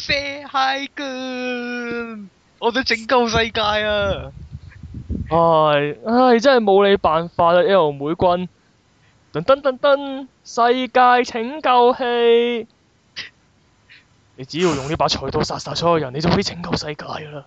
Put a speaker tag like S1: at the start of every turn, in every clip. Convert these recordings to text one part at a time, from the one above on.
S1: 射海棍，我想拯救世
S2: 界啊！唉、 哎，唉、哎，真係冇你辦法啦、啊！一毫每棍，噔，噔噔噔噔，世界拯救器，你只要用呢把菜刀殺殺所有人，你就可以拯救世界噶啦！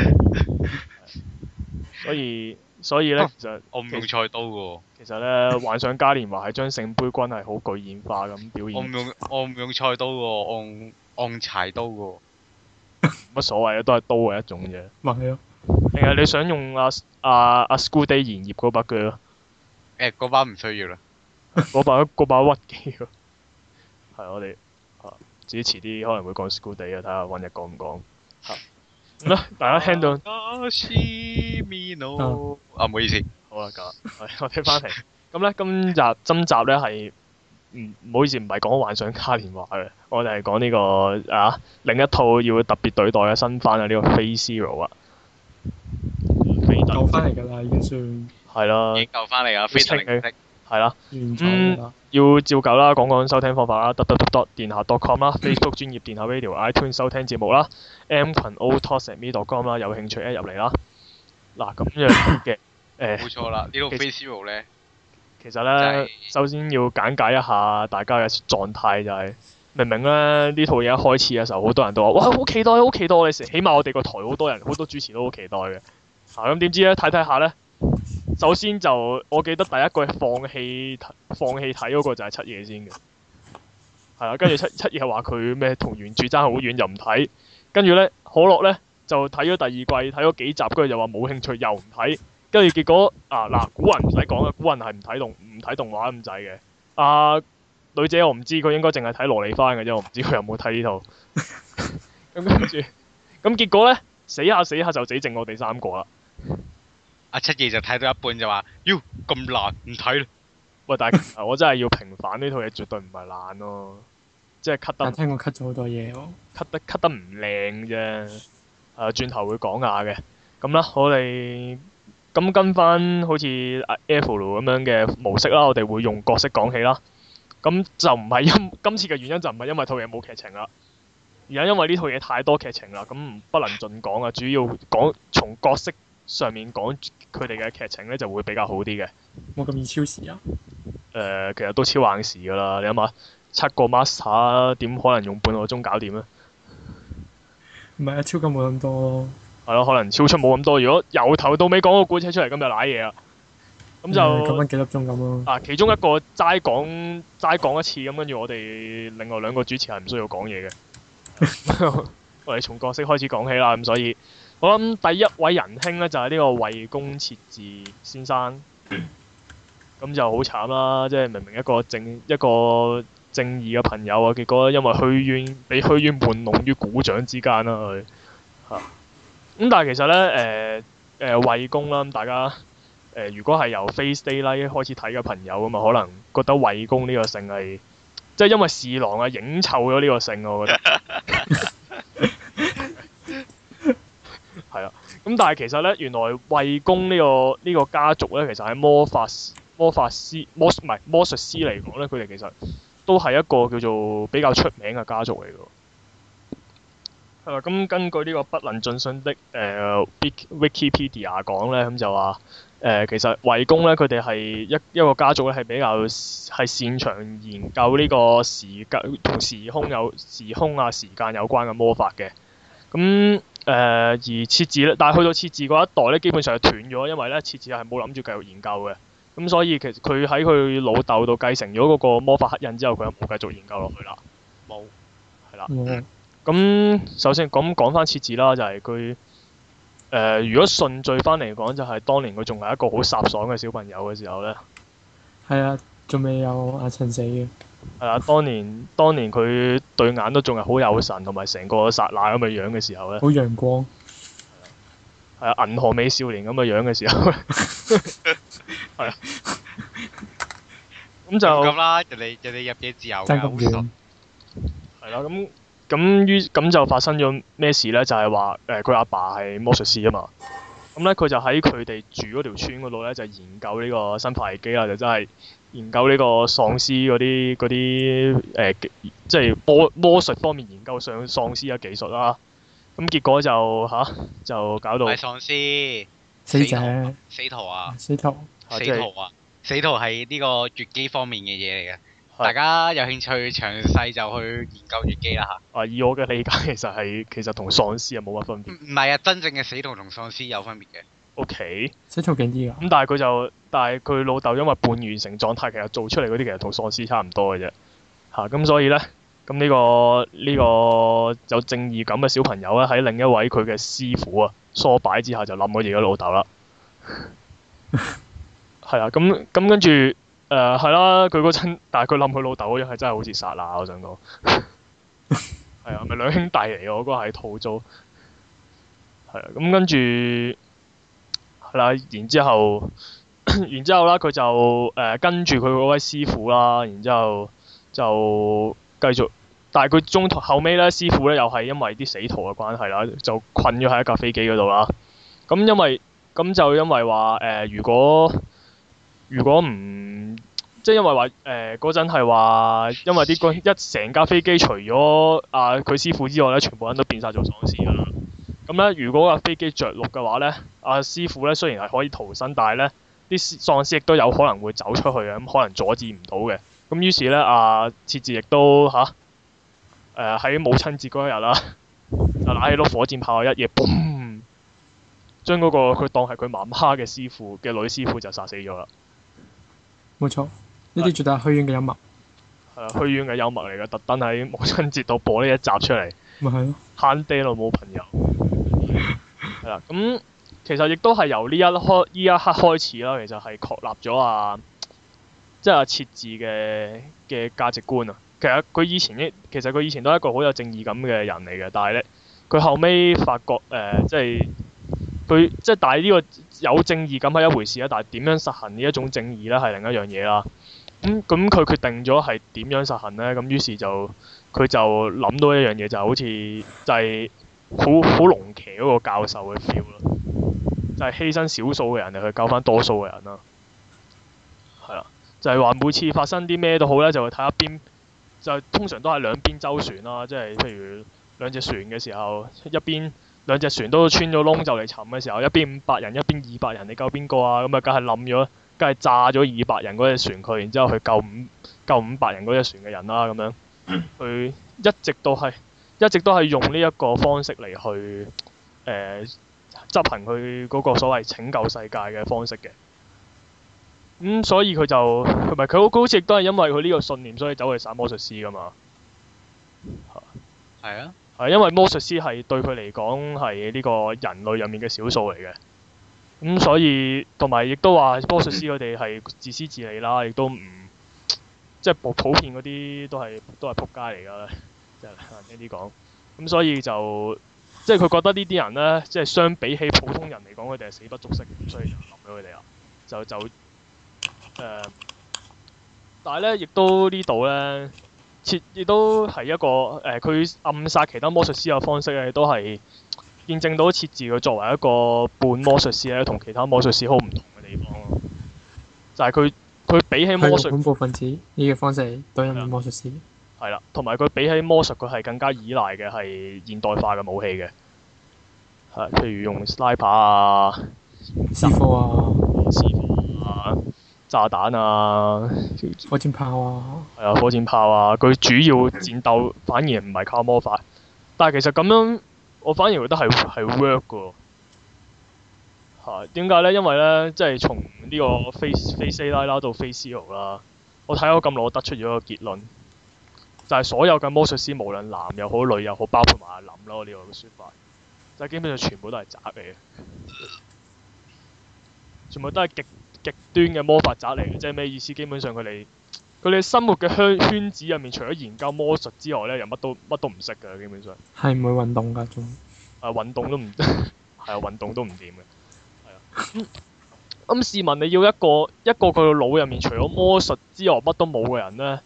S2: 所以。所以咧，其實
S1: 我唔用菜刀嘅。其
S2: 實咧，幻想嘉年華係將聖杯軍係好具現化咁表現。 我唔用，
S1: 我唔用菜刀嘅，我用，用柴刀嘅。
S2: 冇乜所謂啊，都係刀嘅一種嘢，咪係咯。定係你想用阿阿阿 School Day 言葉嗰把鋸？
S1: 誒，嗰把唔需要啦。
S2: 嗰把嗰把屈機咯。 係我哋啊，自己遲啲可能會講 School Day 啊，睇下揾日講唔講。好。 大家聽到啊，唔、啊、唔好意思，好啊，搞啊，我聽翻嚟。咁咧， 今集今集咧係唔，唔好意思，唔係講幻想嘉年華嘅，我哋係講呢個啊另一套要特別對待嘅新番啊，呢個《Face Zero》啊。
S1: 救翻嚟㗎啦，已經算。係啦了。已經救翻嚟啊，《Face Zero》。
S2: 係啦，要照舊啦，講講收聽方法啦得得得 d o d o t 電下 c o m 啦，Facebook 專業電下 radio，iTune 收聽節目啦，M 群 o l t o s h m e d i a c o m 啦，有興趣一入嚟啦。嗱，咁樣嘅誒。冇錯啦，呢個 f a s i c 無咧。其實咧，首先要簡介一下大家嘅狀態就係，明明咧呢套嘢一開始嘅時候好多人都話，哇，好期待，好期待我哋，起碼我哋個台好多人，好多主持都好期待嘅。嗱，咁點知咧，睇睇下咧。首先就，我記得第一季放棄睇，放棄睇嗰個就係七夜先嘅，係啊，跟住七七夜話佢咩同原著爭好遠，又唔睇。跟住呢，可樂呢就睇咗第二季，睇咗幾集，跟住又話冇興趣，又唔睇。跟住結果啊，嗱，古人唔使講啦，古人係唔睇動唔睇動畫咁滯嘅。啊，女仔我唔知佢應該淨係睇羅莉番嘅啫，我唔知佢有冇睇呢套。咁跟住，咁結果呢，
S1: 死下死下就死剩我
S2: 哋三個啦。阿七爺就
S1: 睇到一半就話，妖咁爛唔睇啦！喂，但係、 啊、我真係
S2: 要平反呢套嘢，絕對唔係爛咯，即係 cut 得。我聽我 cut 咗好多嘢咯。cut 得 cut 得唔靚啫，啊，轉頭會講下嘅。咁、嗯、啦，我哋咁、嗯、跟翻好似阿 Evil 咁樣嘅模式啦，我哋會用角色講起啦。咁、嗯、就唔係因今次嘅原因就唔係因為套嘢冇劇情啦，而家因為呢套嘢太多劇情啦，咁不能盡講啊。主要講從角色。上面講佢哋嘅劇情咧，就會比較好啲嘅。冇咁易超時啊！誒、呃，其實都超硬時噶啦，你諗下，七個 master 點可能用半個鐘搞掂咧？唔係啊，超級冇咁多。係咯，可能超出冇咁多。如果由頭到尾講故、嗯、個故仔出嚟，咁就賴嘢啊。咁就九蚊幾粒鐘咁咯。啊，其中一個齋講齋講一次，咁跟住我哋另外兩個主持人係唔需要講嘢嘅。 我哋從角色開始講起啦，咁所以。我諗第一位仁兄咧，就係呢個衛宮切嗣先生，咁就好慘啦，即係明明一個正一個正義嘅朋友啊，結果因為虛淵俾虛淵玩弄於股掌之間啦，佢吓咁，但係其實咧，誒誒衛宮啦，大家誒、呃、如果係由 Fate stay night 開始睇嘅朋友咁啊，可能覺得衛宮呢個姓係即係因為士郎啊影衰咗呢個姓，我覺得。 係啦，咁、嗯、但係其實咧，原來衛宮呢、這個呢、這個家族咧，其實喺魔法魔法師魔唔係魔術師嚟講咧，佢哋其實都係一個叫做比較出名嘅家族嚟嘅。係、嗯、咁根據呢個不能盡信的誒，Big、呃、Wikipedia 講咧，咁、嗯、就話誒、呃，其實衛宮咧，佢哋係一一個家族咧，係比較係擅長研究呢個時間同時空有時空啊時間有關嘅魔法嘅，咁、嗯。誒、呃、而設置咧，但係去到設置嗰一代咧，基本上係斷咗，因為咧設置係冇諗住繼續研究嘅。咁、嗯、所以其實佢喺佢老豆度繼承咗嗰個魔法刻印之後，佢就冇繼續研究落去啦。冇。係啦。咁、嗯嗯、首先咁講翻設置啦，就係佢誒如果順序翻嚟講，就係、是、當年佢仲係一個好颯爽嘅小朋友嘅時候咧。
S1: 係啊。仲未有眼神死
S2: 嘅，係啊！當年當年佢對眼都仲係好有神，同埋成個撒那咁嘅樣嘅時候咧，好陽光，係啊！銀河美少年咁嘅樣嘅時候咧，
S1: 係啊！咁就咁啦！人哋人哋入嘢自由嘅，好熟，係咯，咁
S2: 咁於咁就發生咗咩事咧？就係話誒，佢、欸、阿爸係魔術師啊嘛。咁咧，佢就喺佢哋住嗰條村嗰度咧，就是、研究呢個新牌機啦，就是、真係。研究呢個喪屍嗰啲啲誒，即係魔魔術方面研究上喪屍嘅技術啦。咁、嗯、結果就嚇、啊、就搞到，係喪屍，
S1: 死徒。啊，死徒，啊。死徒係呢個月姬方面嘅嘢嚟嘅，大家有興趣詳細就去研究月姬啦嚇。
S2: 啊，以我嘅理解其、其實係其實同喪屍係冇乜分別。
S1: 唔係啊，真正嘅死徒同喪屍有分別嘅。O K，
S2: 想做緊啲噶，咁、okay. 嗯、但係佢就，但係佢老豆因為半完成狀態，其實做出嚟嗰啲其實同喪屍差唔多嘅啫，吓、啊、咁所以呢，咁呢、這個呢、這個有正義感嘅小朋友咧，喺另一位佢嘅師傅啊，唆擺之下就冧佢自己老豆啦，係 啊，咁咁跟住誒係啦，佢嗰陣，但係佢冧佢老豆嗰樣係真係好似剎那我想講，係 啊，咪兩兄弟嚟噶嗰個係土租，係啊，咁跟住。係啦，然之後，然之後啦，佢就誒跟住佢嗰位師傅啦，然之後就繼續，但係佢中途後尾咧，師傅咧又係因為啲死徒嘅關係啦，就困咗喺一架飛機嗰度啦。咁、嗯、因為咁、嗯、就因為話誒、呃，如果如果唔，即係因為話誒嗰陣係話，因為啲一成架飛機除咗啊佢師傅之外咧，全部人都變晒做喪屍㗎啦。咁咧，如果個飛機着陸嘅話咧，阿、啊、師傅咧雖然係可以逃生，但係咧啲喪屍亦都有可能會走出去嘅，咁可能阻止唔到嘅。咁於是咧，阿設置亦都吓，誒、啊、喺、呃、母親節嗰一日啦，就、啊、拿起碌火箭炮，一夜 boom 將嗰個佢當係佢媽媽嘅師傅嘅女師傅就殺死咗啦。冇錯，呢啲絕對係虛演嘅幽默。係啊，虛演嘅幽默嚟嘅，特登喺母親節度播呢一集出嚟。咪係咯，慳爹到冇朋友。咁、嗯、其實亦都係由呢一開呢一刻開始啦。其實係確立咗啊，即係啊設置嘅嘅價值觀啊。其實佢以前其實佢以前都係一個好有正義感嘅人嚟嘅，但係咧佢後尾發覺誒，即係佢即係但係呢個有正義感係一回事啊，但係點樣，嗯、樣實行呢一種正義咧係另一樣嘢啦。咁咁佢決定咗係點樣實行咧？咁於是就佢就諗到一樣嘢，就係、好似就係、係。好好龍騎嗰個教授嘅 feel 咯，就係、是、犧牲少數嘅人嚟去救翻多數嘅人啦。係啊，就係、是、話每次發生啲咩都好咧，就會睇一邊，就通常都係兩邊周旋啦。即、就、係、是、譬如兩隻船嘅時候，一邊兩隻船都穿咗窿就嚟沉嘅時候，一邊五百人，一邊二百人，你救邊個啊？咁啊，梗係冧咗，梗係炸咗二百人嗰隻船佢，然之後去救五救五百人嗰隻船嘅人啦。咁樣佢一直都係。一直都係用呢一個方式嚟去誒、呃、執行佢嗰個所謂拯救世界嘅方式嘅，咁、嗯、所以佢就同埋佢好似亦都係因為佢呢個信念所以走去殺魔術師㗎嘛，
S1: 係啊，
S2: 係因為魔術師係對佢嚟講係呢個人類入面嘅少數嚟嘅，咁、嗯、所以同埋亦都話魔術師佢哋係自私自利啦，亦都唔即係普遍嗰啲都係都係仆街嚟㗎。就難聽啲講，咁、嗯、所以就即係佢覺得呢啲人呢，即係相比起普通人嚟講，佢哋係死不足惜，所以就留俾佢哋啊。就就、呃、但係呢亦都呢度呢，設，亦都係一個誒，佢、呃、暗殺其他魔術師嘅方式咧，都係見證到設置佢作為一個半魔術師咧，同其他魔術師好唔同嘅地方咯。就係佢佢比起魔術恐怖分子呢、這個方式，當一名魔術師。係啦，同埋佢比起魔術，佢係更加依賴嘅係現代化嘅武器嘅，係譬如用 sniper 啊、師傅啊、師傅啊、炸彈啊、火箭炮啊，係啊，火箭炮啊，佢主要戰鬥反而唔係靠魔法，但係其實咁樣，我反而覺得係係 work 噶，嚇，點解咧？因為咧，即係從呢個 Fate Fate 西拉啦到 Fate C 啦，我睇咗咁耐，得出咗一個結論。就係所有嘅魔術師，無論男又好，女又好，包括埋阿林咯，呢個嘅說法，就係基本上全部都係宅嚟嘅，全部都係極極端嘅魔法宅嚟嘅，即係咩意思？基本上佢哋佢哋生活嘅圈圈子入面，除咗研究魔術之外咧，又乜都乜都唔識㗎，基本上係唔會運動㗎，仲啊運動都唔係啊運動都唔掂嘅。咁試問你要一個一個佢嘅腦入面除咗魔術之外乜都冇嘅人咧？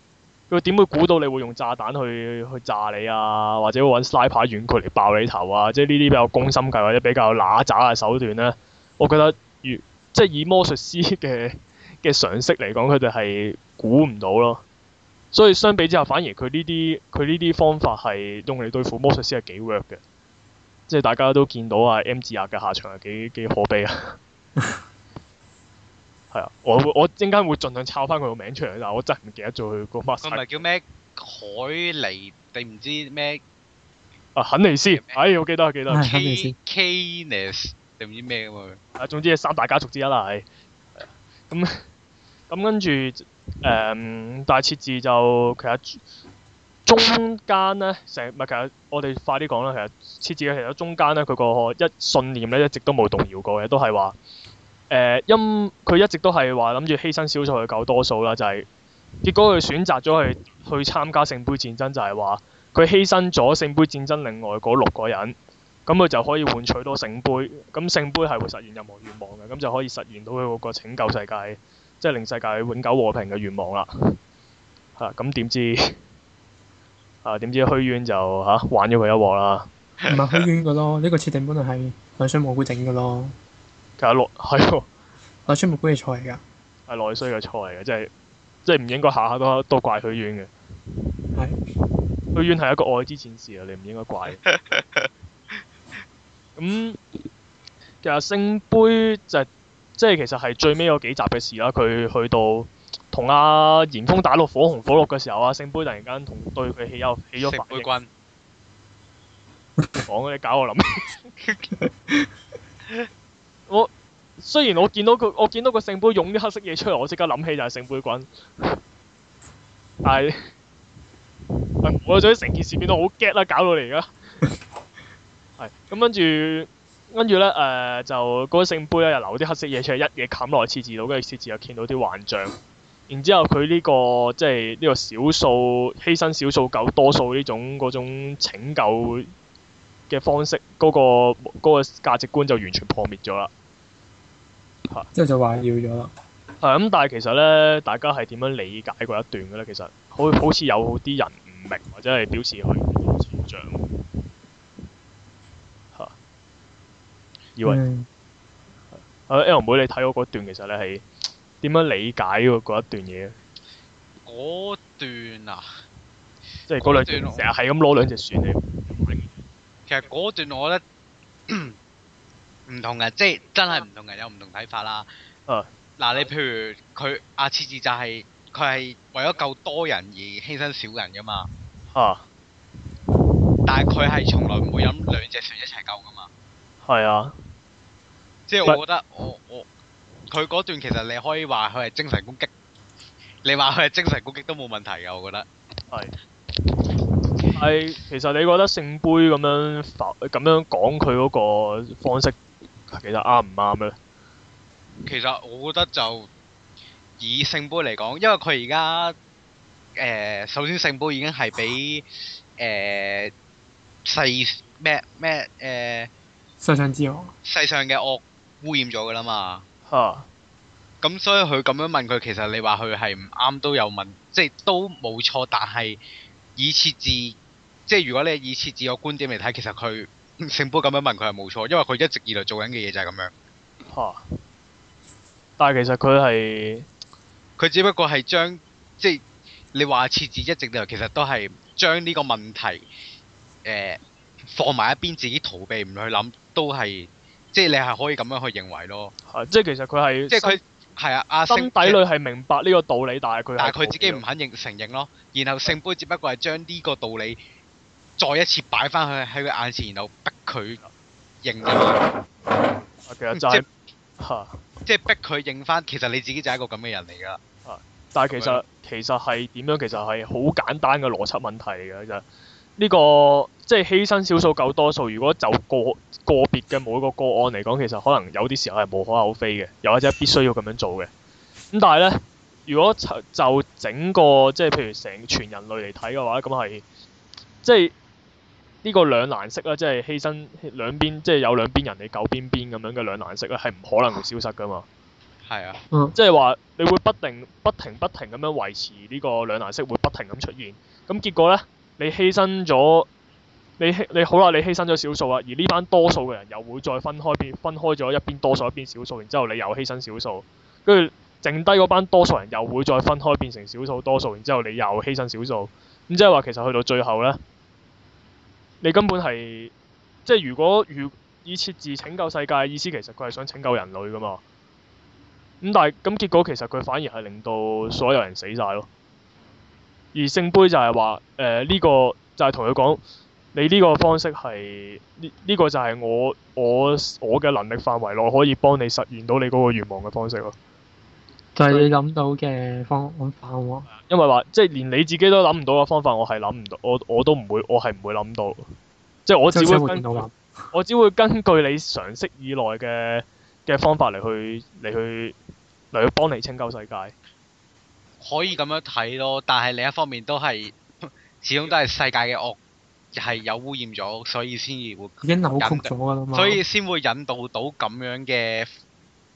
S2: 佢點會估到你會用炸彈去去炸你啊，或者搵 sniper 遠距離爆你頭啊，即係呢啲比較攻心計或者比較乸渣嘅手段呢，我覺得以即係以魔術師嘅嘅常識嚟講，佢哋係估唔到咯。所以相比之下，反而佢呢啲佢呢啲方法係用嚟對付魔術師係幾 work 嘅，即係大家都見到啊 M 字額嘅下場係幾幾可悲啊！ 係啊，我我陣間會盡量抄翻佢個名出嚟，但係我真係唔記得咗佢個乜。佢唔係叫
S1: 咩凱尼定唔知咩？
S2: 啊肯尼斯，哎，我記得，我記得。是肯
S1: 尼斯定唔知咩
S2: 啊？總之係三大家族之一啦，係、啊。咁咁跟住誒，但係設置就其實中間咧，成唔係其實我哋快啲講啦。其實設置嘅其實中間咧，佢個一信念咧一直都冇動搖過嘅，都係話。誒、呃，因佢一直都係話諗住犧牲少數去救多數啦，就係、是、結果佢選擇咗去去參加聖杯戰爭，就係話佢犧牲咗聖杯戰爭另外嗰六個人，咁佢就可以換取到聖杯，咁聖杯係會實現任何願望嘅，咁就可以實現到佢個拯救世界，即、就、係、是、令世界永久和平嘅願望啦。嚇！咁點知啊？點知，啊、知虛淵就嚇、啊、玩咗佢一鑊啦。唔係虛淵嘅咯，呢、這個設定本來係兩雙蘑菇整嘅咯。其實、哦、內係喎，內傷物本係錯嚟㗎，係內需嘅錯嚟嘅，即係即係唔應該下下都都怪許願嘅。係的，許願係一個愛之戰士啊，你唔應該怪。咁 其實聖杯就係、是、即係其實係最尾嗰幾集嘅事啦，佢去到同阿、啊、嚴峯打落火紅火綠嘅時候，啊，聖杯突然間同對佢起有起咗反。聖杯軍 講你搞我諗。我 我雖然我見到佢，我見到個聖杯湧啲黑色嘢出嚟，我即刻諗起就係聖杯滾， 但係我就成件事變到好 get 啦，搞到嚟而家係咁跟住跟住咧誒就嗰、那個聖杯咧又流啲黑色嘢出嚟，一嘢冚落去黐字度，跟住黐字又見到啲幻象，然之後佢呢、這個即係呢、這個少數犧牲少數救多數呢種嗰種拯救嘅方式，嗰、那個嗰、那個價值觀就完全破滅咗啦。係，之後就話繞咗啦。係咁、啊，但係其實咧，大家係點樣理解嗰一段嘅咧？其實好好似有啲人唔明，或者係表示佢唔掌握。以為阿、嗯啊、L 妹你睇我嗰段其實咧係點樣理解嗰一段嘢。
S1: 嗰段啊！
S2: 即係嗰兩段成日係咁攞兩隻船嚟。
S1: 其實嗰段我咧。 唔同嘅，即係真係唔同嘅，有唔同睇法啦。嗱、啊，你譬如佢阿次子就係、是，佢係為咗救多人而犧牲少人噶嘛。吓、啊，但係佢係從來唔會飲兩隻船一齊救噶嘛。係啊。
S2: 即係我覺得，喂我
S1: 我佢嗰段其實你可以話佢係精神攻擊，你話佢係精神攻擊都冇問題嘅，我覺得。係，
S2: 係，其實你覺得聖杯咁樣，咁樣講佢嗰個方式？其實啱唔啱咧？
S1: 其實我覺得就以聖杯嚟講，因為佢而家誒，首先聖杯已經係俾誒世咩咩誒世上之惡，世上嘅惡污染咗噶啦嘛。吓、啊，咁所以佢咁樣問佢，其實你話佢係唔啱都有問，即係都冇錯，但係以設置，即係如果你以設置個觀點嚟睇，其實佢。聖杯咁樣問佢係冇錯，因為佢一直以來做緊嘅嘢就係咁樣。吓，但係其實佢係，佢只不過係將即係你話設置一直嚟，其實都係將呢個問題誒放埋一邊，自己逃避唔去諗，都係即係你係可以咁樣去認為咯。啊，即係其實佢係，即係佢係啊，阿心底裏係明白呢個道理，但係佢但係佢自己唔肯認承認咯。然後聖杯只不過係將呢個道理。再一次擺翻佢喺佢眼前，然後逼佢認咁樣， 嗯、即係、啊、即係逼佢認翻。其實你自己就係一個咁嘅
S2: 人嚟㗎、啊。但係其實吧其實係點樣？其實係好簡單嘅邏輯問題嚟嘅。其實呢、這個即係犧牲少數救多數。如果就個個別嘅每一個個案嚟講，其實可能有啲時候係無可厚非嘅，又或者必須要咁樣做嘅。咁但係呢，如果就整個即係譬如成全人類嚟睇嘅話，咁係即係。呢個兩難式啊，即係犧牲兩邊，即係有兩邊人你救邊邊咁樣嘅兩難式啊，係唔可能會消失㗎嘛？係啊、嗯，即係話你會不停、不停、不停咁樣維持呢、這個兩難式，會不停咁出現。咁結果咧，你犧牲咗，你你好啦，你犧牲咗少數啊，而呢班多數嘅人又會再分開邊，分開咗一邊多數一邊少數，然之後你又犧牲少數，跟住剩低嗰班多數人又會再分開變成少數多數，然之後你又犧牲少數。咁即係話其實去到最後咧。你根本係，即係如果如以設置拯救世界嘅意思，其實佢係想拯救人類噶嘛。咁但係咁結果其實佢反而係令到所有人死晒咯。而聖杯就係話，誒、呃、呢、呢個就係同佢講，你呢個方式係呢，呢個就係我我我嘅能力範圍內可以幫你實現到你嗰個願望嘅方式咯。就係你諗
S1: 到嘅方法喎，
S2: 因為話即係連你自己都諗唔到嘅方法，我係諗唔到，我我都唔會，我係唔會諗到。
S1: 即係我只會跟，
S2: 我只會根據你常識以內嘅嘅方法嚟去嚟去嚟去幫你清救世界。
S1: 可以咁樣睇咯，但係另一方面都係，始終都係世界嘅惡係有污染咗，所以先會，已經扭曲咗㗎喇嘛，所以先會引導到咁樣嘅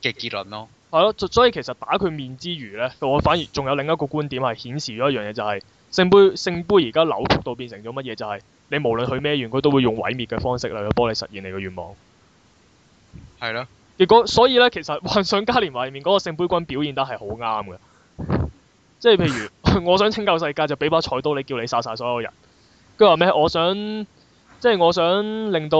S1: 嘅結論咯。係咯、嗯，所以其實打佢面之
S2: 餘呢，我反而仲有另一個觀點係顯示咗一樣嘢，就係聖杯聖杯而家扭曲到變成咗乜嘢？就係你無論去咩願，佢都會用毀滅嘅方式嚟去幫你實現你嘅願望。係咯，結果所以呢，其實幻想嘉年華入面嗰個聖杯君表現得係好啱嘅，即係譬如我想拯救世界，就俾把菜刀你叫你殺晒所有人，跟住話咩？我想。即係我想令到，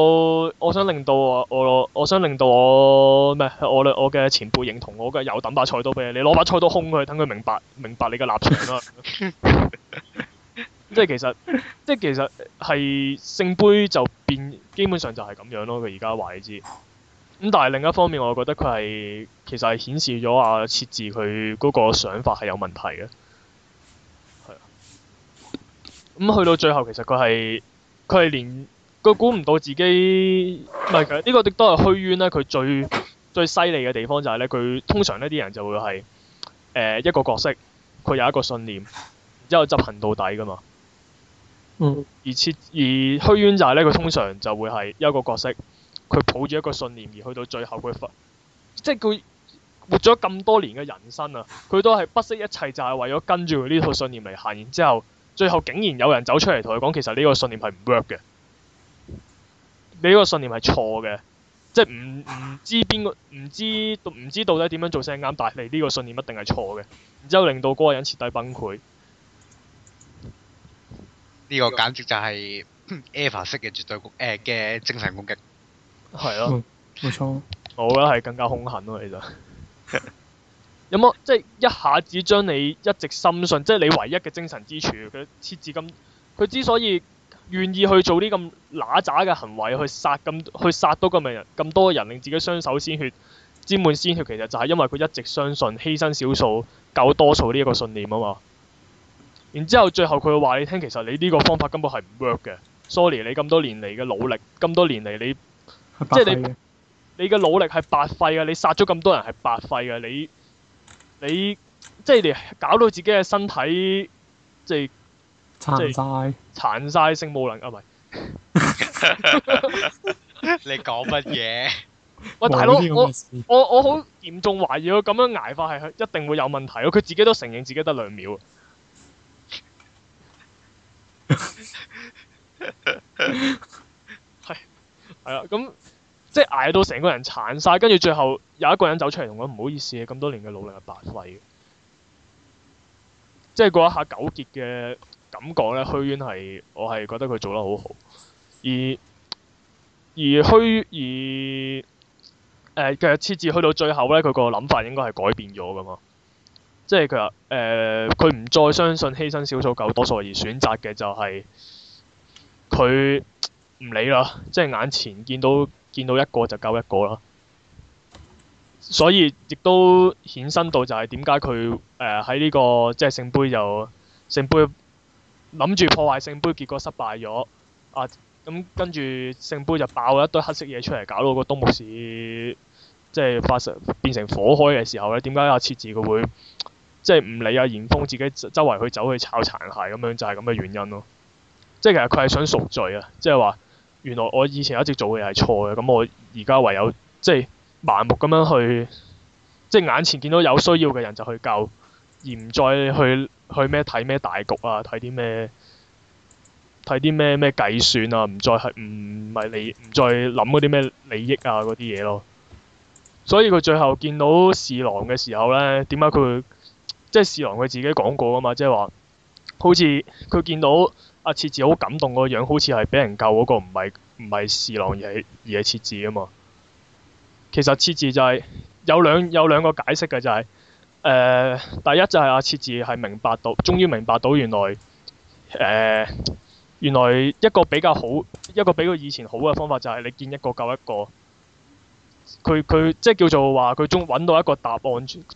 S2: 我想令到我我我想令到我咩？我我嘅前輩認同我嘅，又抌把菜刀俾你，你攞把菜刀空佢，等佢明白明白你嘅立場啦。 即係其實，即係其實係聖杯就變，基本上就係咁樣咯。佢而家話你知。咁但係另一方面，我覺得佢係其實係顯示咗啊設置佢嗰個想法係有問題嘅。係啊。咁、嗯、去到最後，其實佢係佢係連。佢估唔到自己，唔係，其實呢個亦都係虛淵呢佢最最犀利嘅地方就係呢，佢通常呢啲人就會係誒一個角色，佢有一個信念，然之後執行到底噶嘛。嗯。而設而虛淵就係呢，佢通常就會係一個角色，佢抱住一個信念而去到最後，佢即係佢活咗咁多年嘅人生啊，佢都係不惜一切，就係為咗跟住佢呢套信念嚟行。然之後最後竟然有人走出嚟同佢講，其實呢個信念係唔 work 嘅。你嗰個信念係錯嘅，即係唔唔知邊個唔知唔知到底點樣做先啱，但係呢個信念一定係錯嘅，
S1: 然之後令到個人徹底崩潰。呢個簡直就係、是、Ava 式嘅絕對嘅、呃、精神攻擊。係咯了，冇
S2: 錯。
S1: 我覺得係更加兇狠咯，其實。 有冇即係一
S2: 下子將你一直深信，即、就、係、是、你唯一嘅精神支柱佢設置咁？佢之所以願意去做啲咁乸渣嘅行為去殺咁去殺多咁嘅人咁多人，令自己雙手鮮血沾滿鮮血，其實就係因為佢一直相信犧牲少數救多數呢一個信念啊嘛。然之後最後佢會話你聽，其實你呢個方法根本係唔 work 嘅，sorry 你咁多年嚟嘅努力，咁多年嚟你，你，你，你，你，你，即係你你嘅努力係白費嘅，你殺咗咁多人係白費嘅，你你即係搞到自己嘅身體即係
S1: 殘曬
S2: 殺殘曬性無能啊唔
S1: 你講乜嘢？
S2: 喂，大佬，我我我好嚴重懷疑，佢咁樣挨法係一定會有問題咯。佢自己都承認自己得兩秒。係係啊，咁即係挨到成個人殘晒，跟住最後有一個人走出嚟同我唔好意思，咁多年嘅努力係白費，即係嗰一下糾結嘅。咁講咧，虛淵係我係覺得佢做得好好，而而虛而誒嘅設置去到最後咧，佢個諗法應該係改變咗㗎嘛，即係佢話誒佢唔再相信犧牲少數救多數而選擇嘅就係佢唔理啦，即係眼前見到見到一個就救一個啦，所以亦都衍生到就係點解佢誒喺呢個即係聖杯又聖杯。諗住破壞聖杯，結果失敗咗。啊，咁跟住聖杯就爆咗一堆黑色嘢出嚟，搞到個冬木市即係發生變成火海嘅時候咧，點解阿切嗣佢會即係唔理阿、啊、言峰自己周圍去走去抄殘骸咁樣，就係咁嘅原因咯。即係其實佢係想贖罪啊，即係話原來我以前一直做嘅嘢係錯嘅，咁我而家唯有即係盲目咁樣去，即係眼前見到有需要嘅人就去救，而唔再去。去咩睇咩大局啊？睇啲咩睇啲咩咩計算啊？唔再係唔係你，唔再諗嗰啲咩利益啊嗰啲嘢咯。所以佢最後見到侍郎嘅時候呢，點解佢即係侍郎佢自己講過啊嘛？即係話好似佢見到阿設置好感動個樣，好似係俾人救嗰個唔係唔係侍郎而係而係設置啊嘛。其實設置就係、是、有兩有兩個解釋嘅就係、是。誒、呃，第一就係阿設治係明白到，終於明白到原來，誒、呃，原來一個比較好，一個比佢以前好嘅方法就係你見一個救一個。佢佢即係叫做話佢中搵到一個答案，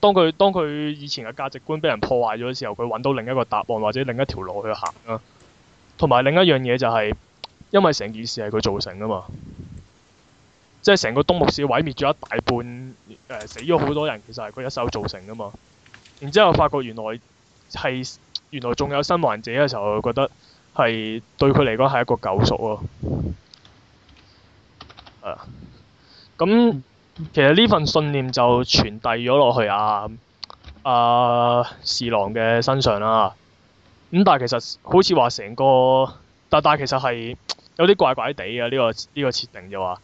S2: 當佢當佢以前嘅價值觀俾人破壞咗嘅時候，佢搵到另一個答案或者另一條路去行啦、啊。同埋另一樣嘢就係、是，因為成件事係佢造成㗎嘛。即係成個冬木市毀滅咗一大半，誒、呃、死咗好多人，其實係佢一手造成㗎嘛。然之後發覺原來係原來仲有生還者嘅時候，我覺得係對佢嚟講係一個救贖咯、啊。啊！咁、嗯、其實呢份信念就傳遞咗落去啊，阿、啊、士郎嘅身上啦。咁、嗯、但係其實好似話成個，但但係其實係有啲怪怪地啊，呢、這個呢、這個設定就話。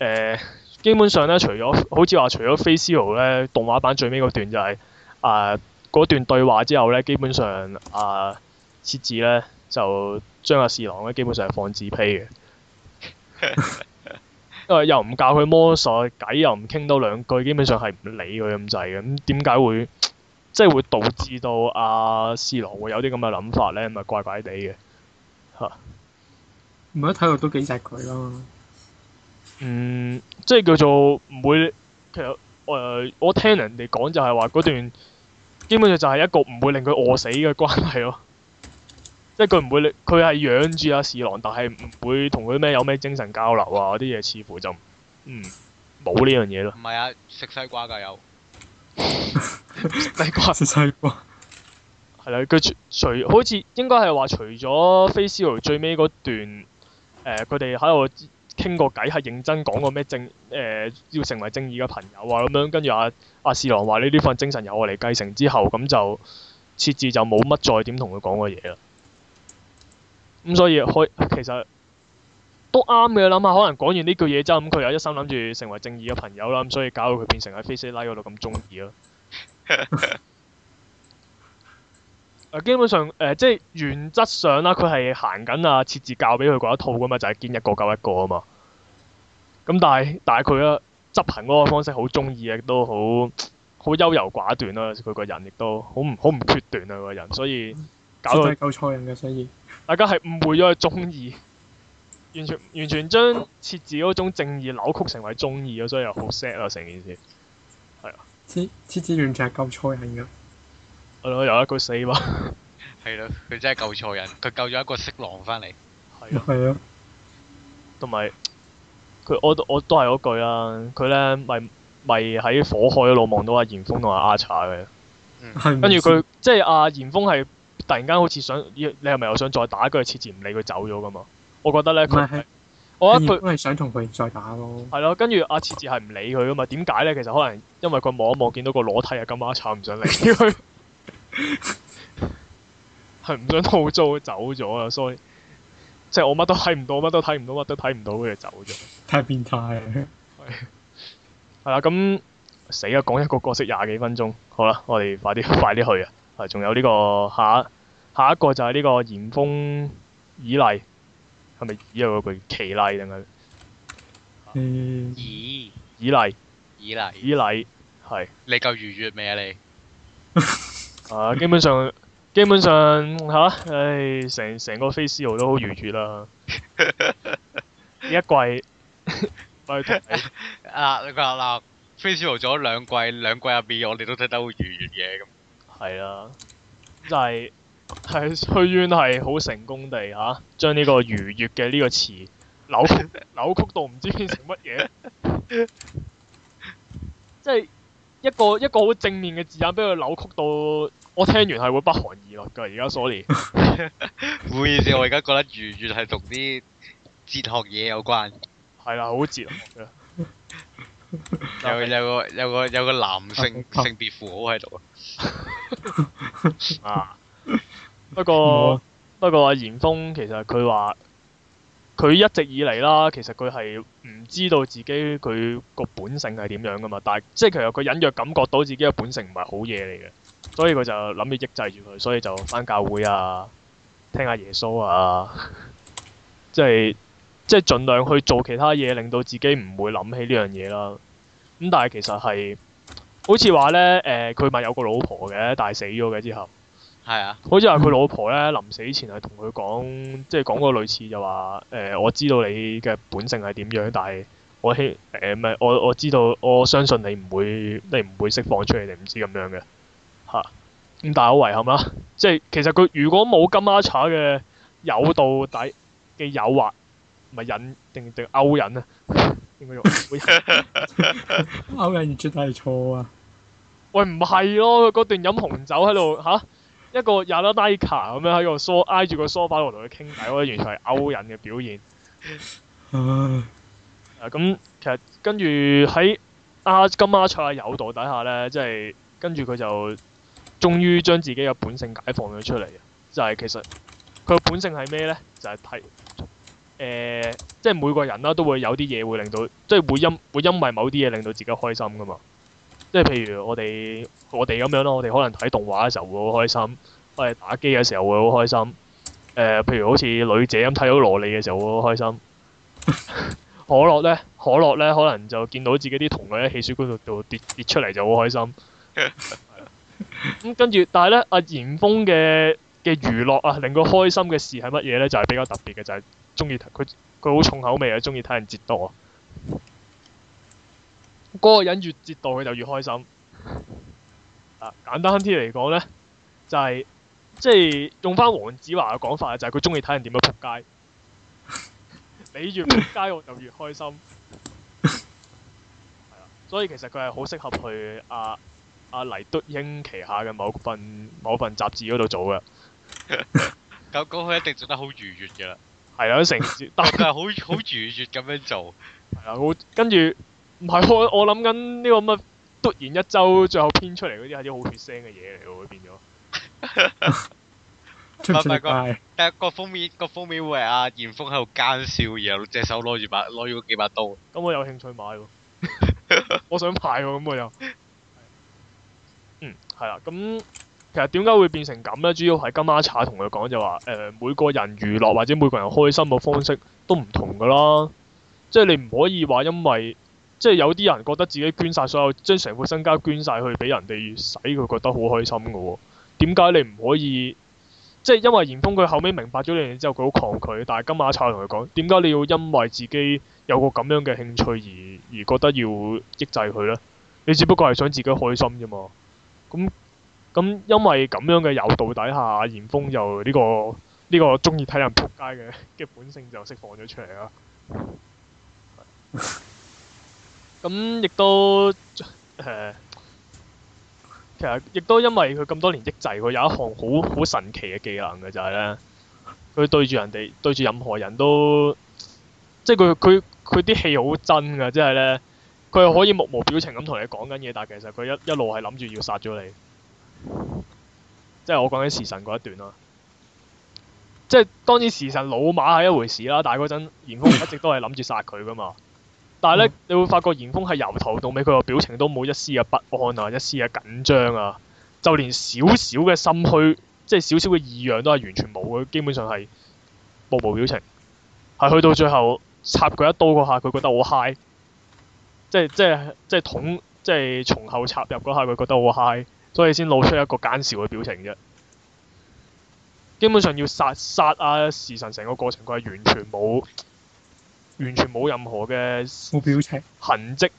S2: 誒、呃、基本上咧，除咗好似話除咗《Faceless》咧，動畫版最尾嗰段就係啊嗰段對話之後咧，基本上啊、呃、設置咧就將阿四郎咧基本上係放紙批嘅，因 為、 呃、又唔教佢摸索，計又唔傾多兩句，基本上係唔理佢咁滯嘅。咁點解會即係會導致到阿四郎會有啲咁嘅諗法咧？咪怪怪地嘅嚇，唔係一睇落都幾錫佢咯。嗯，即係叫做唔會，其實我誒、呃，我聽人哋講就係話嗰段，基本上就係一個唔會令佢餓死嘅關係咯、啊。即係佢唔會，佢係養住阿侍郎，但係唔會同佢咩有咩精神交流啊啲嘢，似乎就嗯
S1: 冇呢樣嘢咯。唔係啊，食西瓜噶有，
S2: 食 西瓜， 食西瓜。係啦，佢除好似
S1: 應該係話除咗《Face》最
S2: 尾嗰段，誒、呃，佢哋喺度。傾個偈係認真講個咩正誒、呃、要成為正義嘅朋友啊咁樣，跟住阿阿士郎話呢啲份精神由我嚟繼承之後，咁就設置就冇乜再點同佢講過嘢啦。咁、嗯、所以開其實都啱嘅，諗下可能講完呢句嘢之後，咁佢又一心諗住成為正義嘅朋友啦，咁、嗯、所以搞到佢變成喺 FaceLine 嗰度咁鍾意啦。啊、 呃，基本上誒、呃、即係原則上啦，佢係行緊啊，設置教俾佢嗰一套噶、就是、嘛，就係見一個救一個啊嘛。咁但係但係佢咧執行嗰個方式好鍾意亦都好好優柔寡斷啦。佢個人亦都好唔好唔決斷啊，個人所以搞到係救錯人嘅，所以大家係誤會咗佢鍾意，完全完全將設置嗰種正義扭曲成為鍾意
S1: 啊，所以又好 sad 啊成件事，係啊設
S2: 設置員就係救錯人嘅，係咯有一句死話，
S1: 係咯佢真係救錯人，佢救咗一個色狼翻嚟，啊，係啊，
S2: 同埋。佢我我都係嗰句啦，佢咧咪咪喺火海嗰度望到阿炎峰同阿阿茶嘅，嗯、
S1: 跟住佢
S2: 不即係阿炎峰係突然間好似想，你係咪又想再打佢？係設置唔理佢走咗噶嘛？我覺得咧，
S1: 我覺得佢
S2: 係想同佢再打咯。係咯、啊，跟住阿設置係唔理佢噶嘛？點解咧？其實可能因為佢望一望見到個裸體啊，咁阿茶唔想理。佢係唔想好糟走咗啊，所以。即係我乜都睇唔到，乜都睇唔到，乜都睇唔到佢就走咗，
S1: 太變態啦！ 係
S2: 係啦，咁死啊！講一個角色廿幾分鐘，好啦，我哋快啲快啲去啊！係仲有呢、呢個下下一個就係呢個嚴風以麗，係咪又嗰句奇麗定係？啊、嗯。
S1: 以
S2: 以麗。以麗。以麗。
S1: 係。你夠如月未啊？你
S2: 啊，基本上。基本上吓，唉、啊，成、哎、成個 Faceau 都好愉悅
S1: 啦。
S2: 一季，去睇
S1: 啊，你話啦，Faceau 做咗兩季，兩季入邊我哋都睇得好愉悅嘅咁。係啊，
S2: 就係係屈冤係好成功地吓，將、啊、呢個愉悅嘅呢個詞扭曲扭曲到唔知變成乜嘢。即係 一個一個好正面嘅字眼，俾佢扭曲到。我聽完係會不寒而
S1: 栗噶。而家 Sorry 唔好意思，我而家覺得越嚟越係同啲哲學嘢有關，係啦，好哲學。
S2: Okay. 有。有個
S1: 有個有個有個男性性別符號喺度啊。 啊，
S2: 不過不過阿嚴峰其實佢話佢一直以嚟啦，其實佢係唔知道自己佢個本性係點樣噶嘛，但係即係其實佢隱約感覺到自己嘅本性唔係好嘢嚟嘅。所以佢就諗住抑制住佢，所以就返教會啊，聽下耶穌啊，即係即係盡量去做其他嘢，令到自己唔會諗起呢樣嘢啦。咁、嗯、但係其實係好似話咧，誒、呃，佢咪有個老婆嘅，但係死咗嘅之後，
S1: 係啊，
S2: 好似話佢老婆咧臨死前係同佢講，即係講個類似就話誒、呃，我知道你嘅本性係點樣，但係我希誒唔係我我知道我相信你唔會你唔會釋放出嚟，你唔知咁樣嘅。咁大有遺憾啦！即係其實佢如果冇金孖茶嘅誘導底嘅誘惑，唔係引定定勾引啊？點解用勾
S1: 引？勾引絕對係錯啊！
S2: 喂，唔係咯？嗰段飲紅酒喺度吓一個有得戴卡咁樣喺個梳挨住個梳化度同佢傾偈，我覺得完全係勾引嘅表現。咁、 啊，其實跟住喺阿金孖茶嘅誘導底下咧，即係跟住佢就。終於將自己嘅本性解放咗出嚟，就係、是、其實佢嘅本性係咩呢？就係、是、睇、呃、即係每個人啦都會有啲嘢會令到，即係會因會因為某啲嘢令到自己開心噶嘛。即係譬如我哋我哋咁樣咯，我哋可能睇動畫嘅時候會好開心，我哋打機嘅時候會好開心、呃。譬如好似女仔咁睇到蘿莉嘅時候會好開心。 可樂呢？可樂呢？可能就見到自己啲同類喺汽水罐度跌跌出嚟就好開心。 咁、嗯、跟住，但係咧，阿嚴峰嘅嘅娛樂啊，令佢開心嘅事係乜嘢咧？就係、是、比較特別嘅，就係中意佢佢好重口味啊！中意睇人折墮，嗰、那個人越折墮，佢就越開心。啊，簡單啲嚟講咧，就係即係用翻黃子華嘅講法，就係佢中意睇人點樣仆街。 你越仆街，我就越開心。 所以其實佢係好適合去啊。阿黎德英旗下嘅某份某份雜誌嗰度做嘅，
S1: 咁講佢一定做得好愉悅嘅啦。係啊，成日但係好好愉悅咁樣做。
S2: 係啊、right，好，跟住唔係我我諗緊呢個乜突然一周最後編出嚟嗰啲係
S1: 啲好血腥嘅嘢嚟喎，變咗。唔係唔係，個第一個封面個封面會阿嚴峯喺度奸笑，然後隻手攞住把攞住幾把刀。
S2: 咁我有興趣買喎，我想派喎，咁我又。嗯，係啦。咁其實點解會變成咁呢？主要係金馬茶同佢講就話誒，每個人娛樂或者每個人開心嘅方式都唔同噶啦。即係你唔可以話，因為即係有啲人覺得自己捐晒所有，將成副身家捐晒去俾人哋使，佢覺得好開心噶喎。點解你唔可以？即係因為嚴峯佢後尾明白咗呢樣嘢之後，佢好抗拒。但係金馬茶同佢講，點解你要因為自己有個咁樣嘅興趣而而覺得要抑制佢呢？你只不過係想自己開心啫嘛。咁咁、嗯，因為咁樣嘅誘導底下，嚴峯就呢個呢個中意睇人撲街嘅嘅本性就釋放咗出嚟啦。咁亦都誒，其實亦都因為佢咁多年抑制，佢有一項好好神奇嘅技能嘅就係咧，佢對住人哋對住任何人都，即係佢佢佢啲戲好真㗎，即係咧。佢又可以目無表情咁同你講緊嘢，但係其實佢一一路係諗住要殺咗你。即係我講緊時辰嗰一段啦、啊。即係當然時，時辰老馬係一回事啦，但係嗰陣嚴峯一直都係諗住殺佢噶嘛。但係咧，你會發覺嚴峯係由頭到尾，佢個表情都冇一絲嘅不安啊，一絲嘅緊張啊，就連少少嘅心虛，即係少少嘅異樣都係完全冇嘅，基本上係目無表情。係去到最後插佢一刀嗰下，佢覺得好嗨。即係即係即係捅即係從後插入嗰下，佢覺得好嗨，所以先露出一個奸笑嘅表情啫。基本上要殺殺啊時辰，成個過程佢係完全冇完全冇任何嘅表情痕跡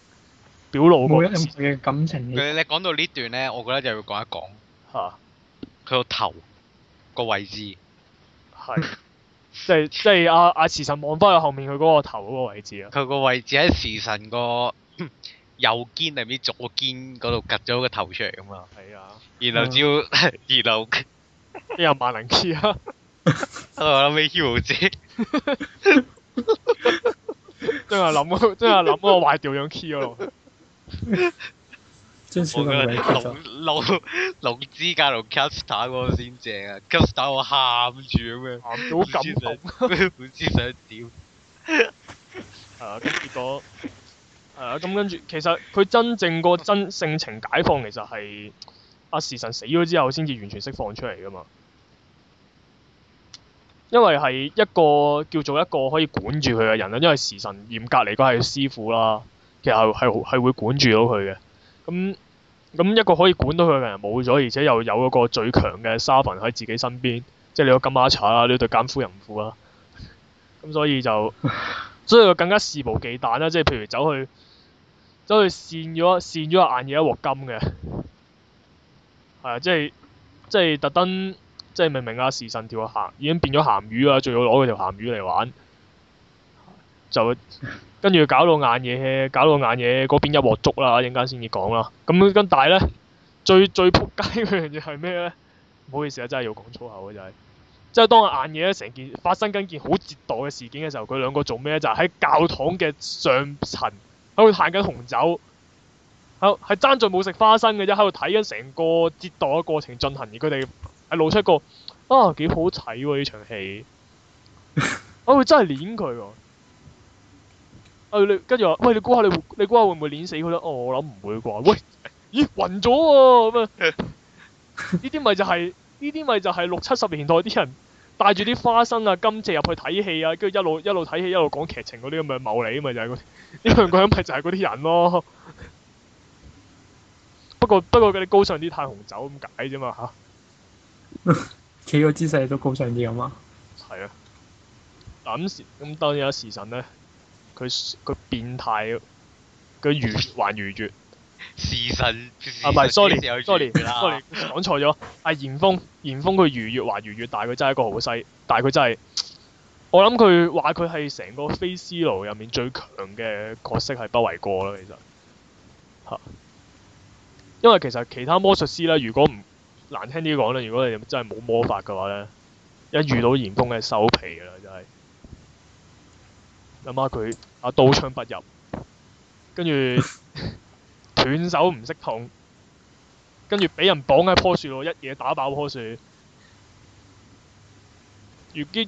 S1: 表露過任何嘅感情。你講到呢段呢，我覺得就要講一講嚇佢個頭個位置係即係即
S2: 係阿阿時辰望翻去後面佢嗰個頭，嗰個位置啊。
S1: 佢個位置喺時辰個右肩，定知唔左肩嗰度夾咗個頭出嚟咁嘛啊！然後只要，然後
S2: 又萬能 key
S1: 啊！我諗咩 key 冇知，
S2: 真係諗真係諗嗰個壞調樣 key 咯。我
S1: 諗龍龍龍之介龍 caster 嗰個先正啊 caster 我喊住咁樣，好感動。唔知想點，啊，跟住講。係咁、啊、跟住，
S2: 其實佢真正個真性情解放，其實係阿、啊、時神死咗之後，先至完全釋放出嚟㗎嘛。因為係一個叫做一個可以管住佢嘅人啦，因為時神嚴格嚟講係師傅啦，其實係係係會管住到佢嘅。咁、嗯、咁一個可以管到佢嘅人冇咗，而且又有一個最強嘅沙文喺自己身邊，即係你個金馬叉啦，你對奸夫淫婦啦。咁、嗯、所以就。 所以佢更加肆無忌憚啦，即係譬如走去走去扇咗扇咗個眼嘢一鑊金嘅，係啊，即係即係特登，即係明明阿時辰條鹹已經變咗鹹魚啦，仲要攞佢條鹹魚嚟玩，就跟住搞到眼嘢，搞到眼嘢嗰邊一鑊粥啦，一陣間先至講啦。咁跟但係咧，最最撲街嗰樣嘢係咩咧？唔好意思啊，真係要講粗口嘅就係、是。即係當我晏夜咧，成件發生緊件好折墮嘅事件嘅時候，佢兩個做咩咧？就喺、是、教堂嘅上層喺度歎緊紅酒，係係爭在冇食花生嘅，啫。喺度睇緊成個折墮嘅過程進行，而佢哋係露出一個啊幾好睇喎呢場戲，啊佢真係捻佢喎，啊你跟住話，喂，你估下你你估下會唔會捻死佢咧、啊？我諗唔會啩？喂，咦暈咗喎咁啊！呢啲咪就係、是、～呢啲咪就係六七十年代啲人帶住啲花生啊、甘蔗入去睇戲啊，跟住一路一路睇戲一路講劇情嗰啲咁嘅謀利啊嘛，就係嗰啲，呢兩個咪就係嗰啲人咯。 不過不過佢哋高尚啲，嘆紅酒咁解啫嘛吓。幾、啊、個 姿勢都高尚啲咁嘛？係 啊。咁時咁當然有時神咧，佢佢變態，佢愉還愉悅。時神啊，唔係，sorry，sorry，sorry，講錯咗。阿嚴峯，嚴峯佢如越華如越大，佢真係一個好西，但係佢真係，我諗佢話佢係成個非思路入面最強嘅角色係不為過啦，其實嚇、啊。因為其實其他魔術師咧，如果唔難聽啲講咧，如果你真係冇魔法嘅話咧，一遇到嚴峯嘅收皮啦，真係。諗下佢啊，刀槍不入，跟住。 斷手唔識痛，跟住俾人綁喺棵樹度，一嘢打爆棵樹。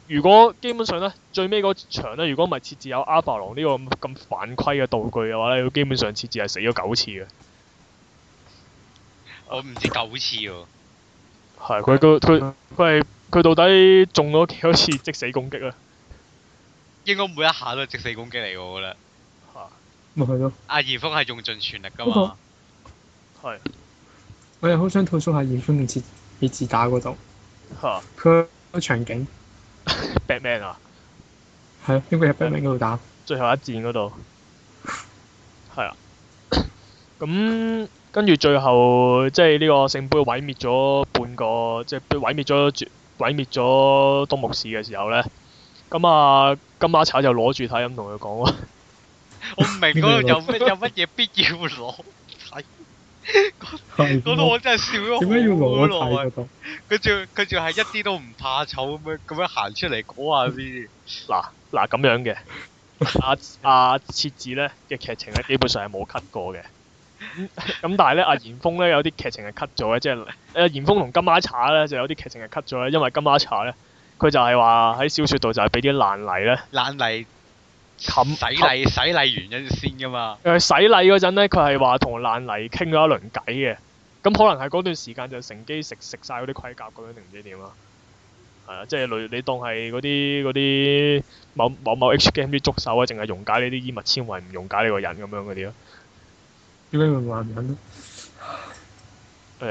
S2: 如果基本上呢，最尾嗰場呢，如果唔係設置有阿法龍呢個咁反規嘅道具嘅話呢，佢基本上設置係死咗九次嘅。
S1: 我唔知九、uh, 次喎、啊。係佢佢佢
S2: 佢係佢到底中咗幾多次即死攻擊啊？
S1: 應該每一下都係即死攻擊嚟，我覺得。咪係咯，阿言峰係用盡全力噶
S2: 嘛，
S1: 係、啊。我又好想吐槽下，言峰唔似唔自打嗰種，佢個哈場景。
S2: Batman 啊？係啊，應該係 Batman 嗰度打。最後一戰嗰度。係啊。 咁跟住最後即係呢個聖杯毀滅咗半個，即係都毀滅咗絕，毀滅咗冬木市嘅時候咧，咁啊金馬茶就攞住睇咁同佢講、啊。
S1: 我唔明嗰度有乜有乜嘢必要攞睇，嗰嗰度我真係笑咗好開心。我點攞佢仲佢仲係一啲都唔怕醜咁樣咁樣行出嚟講下呢啲
S2: 嗱嗱咁樣嘅阿阿設子咧嘅劇情咧基本上係冇 cut 過嘅。咁、 嗯、但係咧阿嚴峰咧有啲劇情係 cut 咗嘅，即係阿嚴峰同金馬茶咧就有啲劇情係 cut 咗咧，因為金馬茶咧佢就係話喺小説度就係俾啲爛泥
S1: 咧。爛泥冚洗禮洗禮完因先噶嘛？
S2: 誒洗禮嗰陣咧，佢係話同爛泥傾咗一輪偈嘅，咁可能係嗰段時間就乘機食食曬嗰啲盔甲咁樣定唔知點啊？係啊，即係類你當係嗰啲嗰啲某某某 H game 啲觸手啊，淨係溶解你啲衣物纖維，唔溶解你個人咁樣嗰啲咯？點解唔還人咧？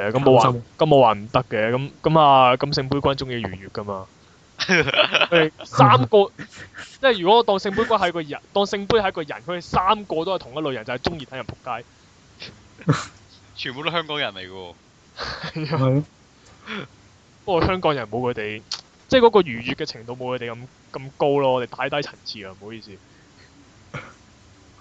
S2: 誒咁冇還，咁冇還唔得嘅，咁咁啊，金聖杯觀眾要魚躍噶嘛～佢 三個，即係如果我當聖杯君係一個人，當聖杯係一個人，佢哋三個都係同一類人，就係中意睇人仆街， 全部都香港人嚟嘅喎。 為 不過香港人冇佢哋，即係嗰個愉悅嘅程度冇佢哋咁咁高咯。我哋太低層次啦，唔好意思。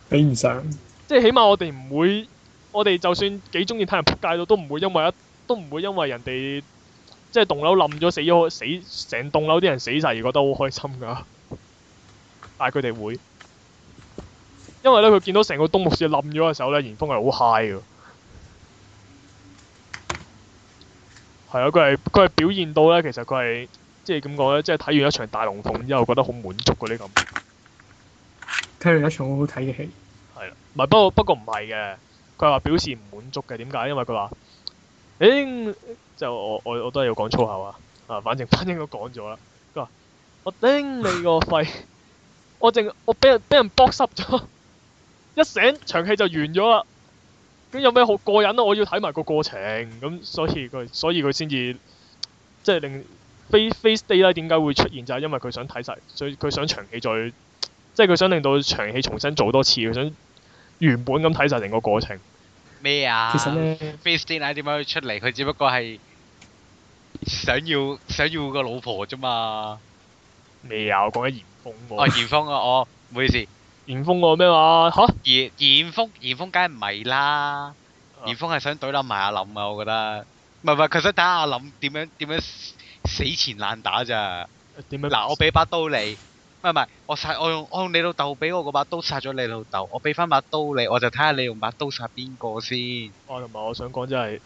S2: 比唔上，即係起碼我哋唔會，我哋就算幾中意睇人仆街都唔會因為一都唔會因為人哋。即係棟樓冧咗，死咗，死成棟樓啲人死晒而覺得好開心噶，但係佢哋會，因為咧佢見到成個東木市冧咗嘅時候咧，嚴峰係好 high 噶，係啊，佢係佢係表現到咧，其實佢係即係咁講咧，即係睇完一場大龍鳳之後覺得好滿足嗰啲咁，睇完一場好好睇嘅戲，係啦，唔係不過不過唔係嘅，佢係話表示唔滿足嘅，點解？因為佢話，嗯。就我我我都係要講粗口啊！啊，反正潘英都講咗啦。佢話：我頂你個肺！我淨我俾人俾人 box up 咗，一醒場戲就完咗啦。咁有咩好過癮啊？我要睇埋個過程，咁所以佢所以佢先至即係令 Face Face Day 呢點解會出現？就係因為佢想睇曬，所以佢想長期再即係佢想令到場戲重新做多次，佢想原本咁睇晒成個過程。
S1: 咩啊其實呢？Face Day 點解會出嚟？佢只不過係。想要想要個老婆啫嘛，未有，講緊嚴峰喎，啊嚴峰啊哦，唔好意思，嚴峰個咩話嚴嚴峰嚴峰梗係唔係啦，嚴峰係想懟笠埋阿林啊，我覺得，唔係唔係，佢想睇下阿林點樣點樣死纏爛打咋，點樣，嗱我俾把刀你，唔係唔係，我殺我用我用你老豆俾我嗰把刀殺咗你老豆，我俾翻把刀你，我就睇下你用把刀殺邊個先。哦，同埋我想講真係。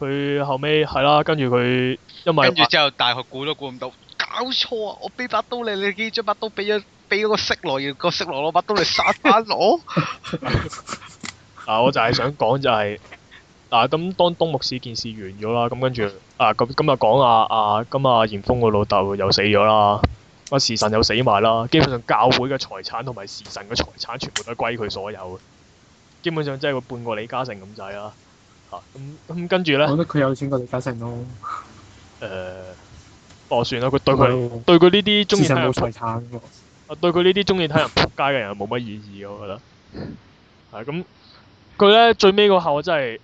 S2: 佢後尾係啦，跟住佢
S1: 因為，跟住之後大學估都估唔到，搞錯啊！我俾把刀你，你竟然將把刀俾咗俾個色狼，個色狼攞把刀嚟殺返我。
S2: 啊！我就係想講就係、是，嗱、啊、咁當東牧師件事完咗啦，咁跟住啊咁今日講阿阿咁阿嚴峰個老豆又死咗啦，阿時辰又死埋啦，基本上教會嘅財產同埋時辰嘅財產全部都歸佢所有，基本上即係個半個李嘉誠咁滯啦。咁咁、啊嗯嗯、跟住咧，我覺得佢有錢過李嘉誠咯。誒、 啊嗯，我算啦，佢對佢對佢呢啲中意睇財
S1: 產
S2: 嘅，對佢呢啲中意睇人仆街嘅人冇乜意義嘅，我覺得係咁。佢咧最尾個後啊，真係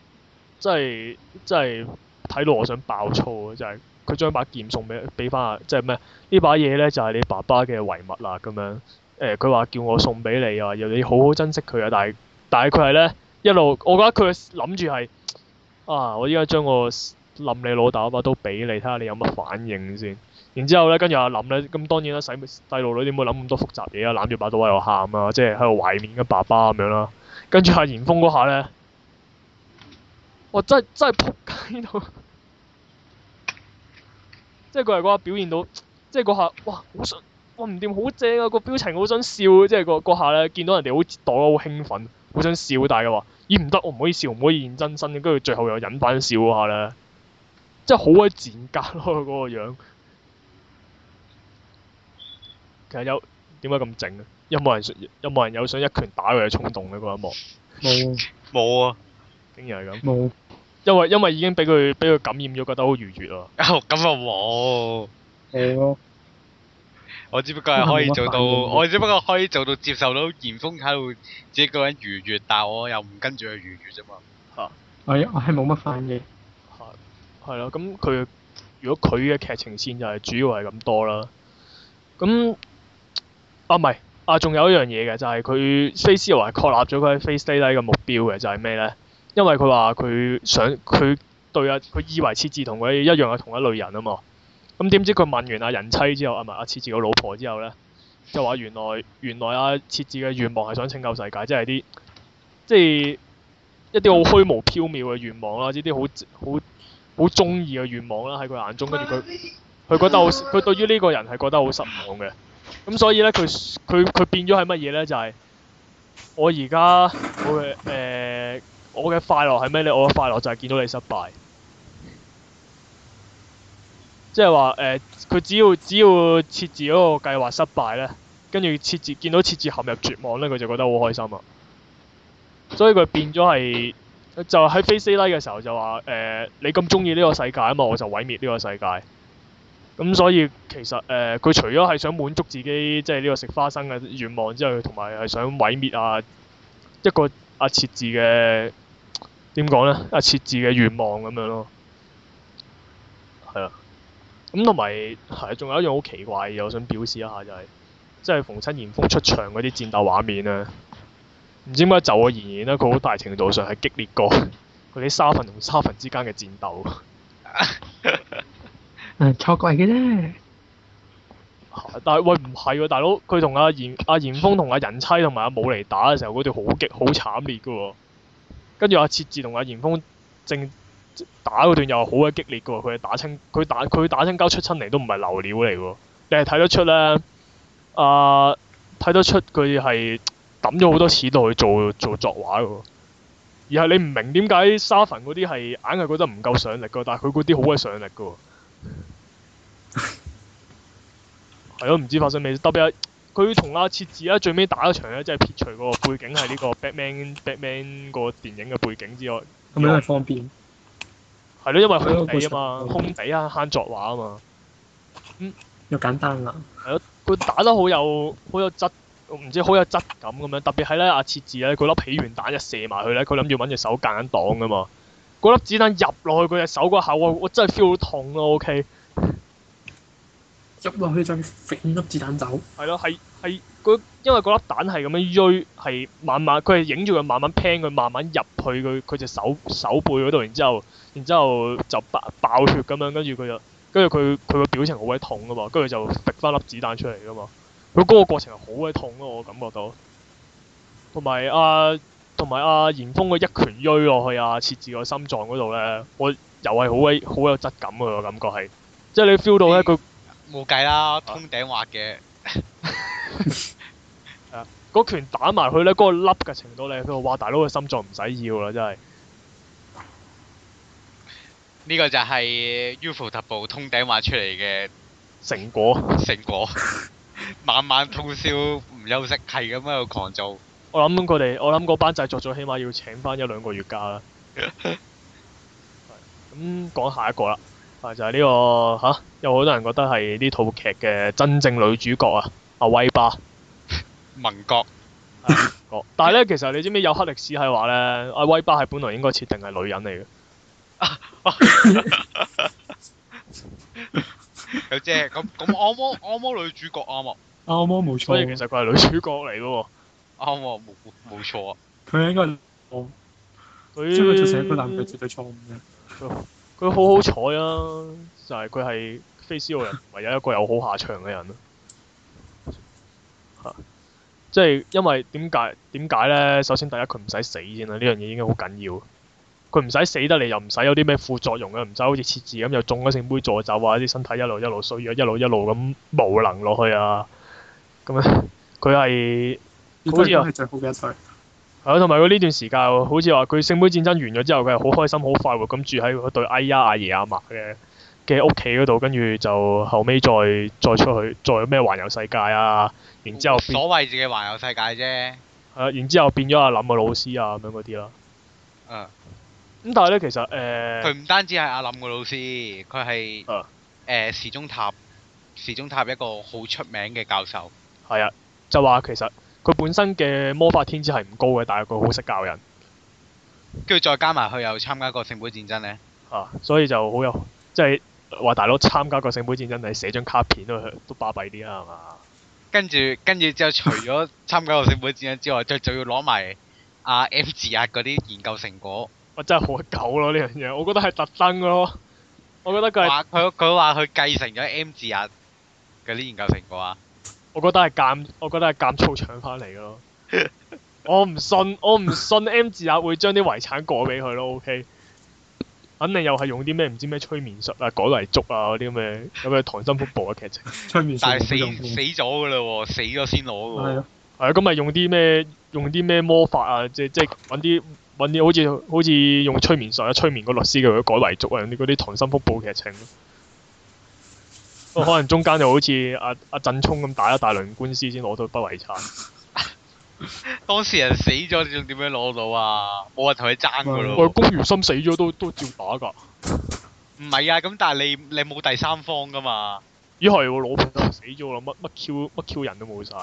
S2: 真係真係睇到我想爆粗就係佢將把劍送俾俾翻啊，即係咩呢把嘢咧就係、是、你爸爸嘅遺物啦咁樣。誒、欸，佢話叫我送俾你啊，要你好好珍惜佢啊。但係但係佢係咧一路，我覺得佢諗住係。啊！我而家將我冧你老豆把刀俾你，睇下你有乜反應先。然之後咧，跟住阿冧咧，咁當然啦，細細路女點會諗咁多複雜嘢啊？攬住把刀喺度喊啊，即係喺度懷念緊爸爸咁樣啦。跟住阿嚴峯嗰下咧，我真係真係撲街，度。 即係佢喺嗰下表現到，即係嗰下哇！好想哇唔掂，好正啊！個表情好想笑，啊，即係嗰下咧，見到人哋好跌倒啦，好興奮。好想笑，但係佢話：咦唔得，我唔可以笑，唔可以現真身。跟住最後又忍翻笑下咧，真係好鬼賤格咯！嗰個樣。其實有點解咁靜咧？有冇人有冇人有想一拳打佢嘅衝動咧？嗰一幕。
S1: 冇。冇啊。竟然係咁。冇。
S2: 因為因為已經俾佢俾佢感染咗，覺得好愉悅啊。
S1: 哦，咁啊，冇。係咯。我只不過係可以做到，我,我只不過可以做到接受到嚴峯喺度自己個人愉悦，但係我又唔跟住佢愉悦啫嘛。嚇、啊！我我係冇乜反應。係。
S2: 係咯，咁佢如果佢嘅劇情線就係主要係咁多啦。咁。啊，唔係啊，仲有一樣嘢嘅就係佢 Face 又係確立咗佢喺 Face Day 嘅目標嘅，就係咩咧？因為佢話佢想佢對啊，佢以為設置同佢一樣係同一類人啊嘛。咁點、嗯、知佢問完阿、啊、人妻之後，阿唔阿設治個老婆之後咧，就話原來原來阿設治嘅願望係想拯救世界，即係啲，即係一啲好虛無縹緲嘅願望啦，呢啲好好好中意嘅願望啦，喺佢眼中，跟住佢佢覺得好，佢對於呢個人係覺得好失望嘅。咁所以咧，佢佢佢變咗係乜嘢咧？就係、是、我而家我嘅誒，我嘅、呃、快樂係咩咧？我嘅快樂就係見到你失敗。即係話誒，佢、呃、只要只要設置嗰個計劃失敗咧，跟住設置見到設置陷入絕望咧，佢就覺得好開心啊！所以佢變咗係就喺 Face Lie 嘅時候就話誒、呃，你咁鍾意呢個世界啊嘛，我就毀滅呢個世界。咁所以其實誒，佢、呃、除咗係想滿足自己即係呢個食花生嘅願望之外，同埋係想毀滅啊一個阿、啊、設置嘅點講咧，阿、啊、設置嘅願望咁樣咯。咁同埋仲有一樣好奇怪嘅，我想表示一下就係、是，即係逢親嚴峰出場嗰啲戰鬥畫面咧，唔知點解就我而言呢，佢好大程度上係激烈過佢啲 沙粉同沙粉之間嘅戰鬥。
S1: 誒、 嗯、錯覺嘅啫。
S2: 但係喂唔係喎，大佬佢同阿嚴阿嚴峰同阿仁妻同埋阿武嚟打嘅時候，嗰段好極好慘烈嘅喎、哦。跟住阿設志同阿嚴峰正。打嗰段又好鬼激烈嘅喎，佢打清佢打佢打清交出親嚟都唔係流料嚟喎？你係睇得出咧啊！睇得出佢係揼咗好多錢都去做做作畫嘅喎，而係你唔明點解沙佛嗰啲係硬係覺得唔夠上力嘅，但係佢嗰啲好鬼上力嘅喎。係咯， 唔知發生咩事。W 佢同阿設置咧最尾打一場咧，即係撇除嗰個背景係呢個 Batman Batman 個電影嘅背景之外，咁樣係方便。係咯，因為佢底啊嘛，空地啊，慳作畫啊嘛，嗯，又簡單啦。係咯，佢打得好有，好有質，唔知好有質感咁樣。特別係咧，阿設治咧，佢粒起完彈一射埋去咧，佢諗住揾隻手夾緊擋啊嘛。嗰粒子彈入落去佢隻手嗰下，我我真係 feel 到痛咯。OK，入落去就再五粒子彈走。係咯，係係。佢因為嗰粒彈係咁樣鋥，係慢慢佢係影住佢慢慢 pan 佢慢慢入去佢佢隻手手背嗰度，然之後，然之後就爆爆血咁樣，跟住佢就，跟住佢佢個表情好鬼痛噶嘛，跟住就甩翻粒子彈出嚟噶嘛，佢嗰個過程係好鬼痛咯，我感覺到。同埋阿同埋阿嚴峰，個、啊、一拳鋥落去啊，切住個心臟嗰度呢，我又係好鬼好有質感喎，我感覺係。即係你 feel 到呢，佢
S1: 冇計啦，通頂滑嘅。
S2: 嗰拳打埋去呢，嗰、嗰個凹嘅程度咧，佢話：大佬嘅心臟唔使要
S1: 啦，真係。呢個就係 UFO 特步通頂畫出嚟嘅成果， 成果。 晚晚通宵唔休息，係咁喺度狂做。
S2: 我諗佢哋，我諗嗰班製作組起碼要請返一兩個月假啦。咁 講下一個啦，就係、是、呢、這個嚇，有好多人覺得係呢套劇嘅真正女主角啊，阿威巴。民國，哦！ 但係咧，其實你知唔知有黑歷史係話咧，威巴係本來應該設定係女人嚟嘅。
S1: 有、啊、啫，咁咁按摩按摩女主角啱啊，
S2: 按摩冇錯，所以其
S1: 實佢係女主角嚟嘅。啱啊，冇冇錯啊，
S2: 佢應該，佢，所以佢做成個男嘅絕對錯誤嘅。佢好好彩啊！就係佢係《非 a c e y o u 唯一一個有好下場嘅人啊。 即係因為點解點解呢？首先第一佢唔使死先啦，呢樣嘢已經好緊要。佢唔使死得嚟，又唔使有啲咩副作用嘅，唔使好似設置咁又中咗聖杯助咒啊！啲身體一路一路衰弱，一路一路咁無能落去啊！咁樣佢係好似最好嘅一世。係啊，同埋佢呢段時間，好似話佢聖杯戰爭完咗之後，佢係好開心、好快活咁住喺嗰對哎呀阿爺阿嫲嘅。嘅屋企嗰度，跟住就後尾再再出去，再咩環遊世界啊！然之
S1: 後所謂自己環遊世界啫。
S2: 然之後變咗阿林個老師啊咁樣嗰啲啦。咁、uh, 嗯、但係咧，其實誒。佢、
S1: 呃、唔單止係阿林個老師，佢係誒時鐘塔，時鐘塔一個好出名嘅教授。係啊，
S2: 就話其實佢本身嘅魔法天資係唔高嘅，但係佢好識教人。
S1: 跟住再加埋佢又參加過聖杯戰爭呢，啊，
S2: 所以就好有即係。就是話大佬參加個聖杯戰爭，你寫張卡片都都巴閉啲啦係嘛？
S1: 跟住跟住之後除咗參加個聖杯戰爭之外，再仲 要攞埋阿 M 字壓嗰啲研究成果。
S2: 我真係好狗咯呢樣嘢，我覺得係特登咯。
S1: 我覺得佢話佢佢話佢繼承咗 M 字壓嗰啲研究成果
S2: 啊！我覺得係奸， 我覺得係奸粗搶翻嚟咯。我唔信，我唔信 M 字壓會將啲遺產過俾佢咯。O K。肯定又係用啲咩唔知咩催眠術啊，改遺囑啊嗰啲咁嘅咁嘅溏心風暴嘅劇情。 催眠但係死死
S1: 咗㗎啦，死咗先攞
S2: 喎。係啊。咁咪 用啲咩用啲咩魔法啊？即即揾啲啲好似好似用催眠術啊，催眠個律師嘅改遺囑啊，啲嗰啲溏心風暴劇情。 可能中間就好似阿阿振聰咁打一大輪官司先攞到
S1: 筆遺產。當事人死咗、啊，你仲點樣攞到啊？冇人同佢爭噶咯。唔係，
S2: 龔如心死咗都都照打噶。
S1: 唔係啊，咁但係你你冇第三方噶嘛？咦係喎，老婆死咗啦，乜乜 Q 乜 Q 人都冇晒。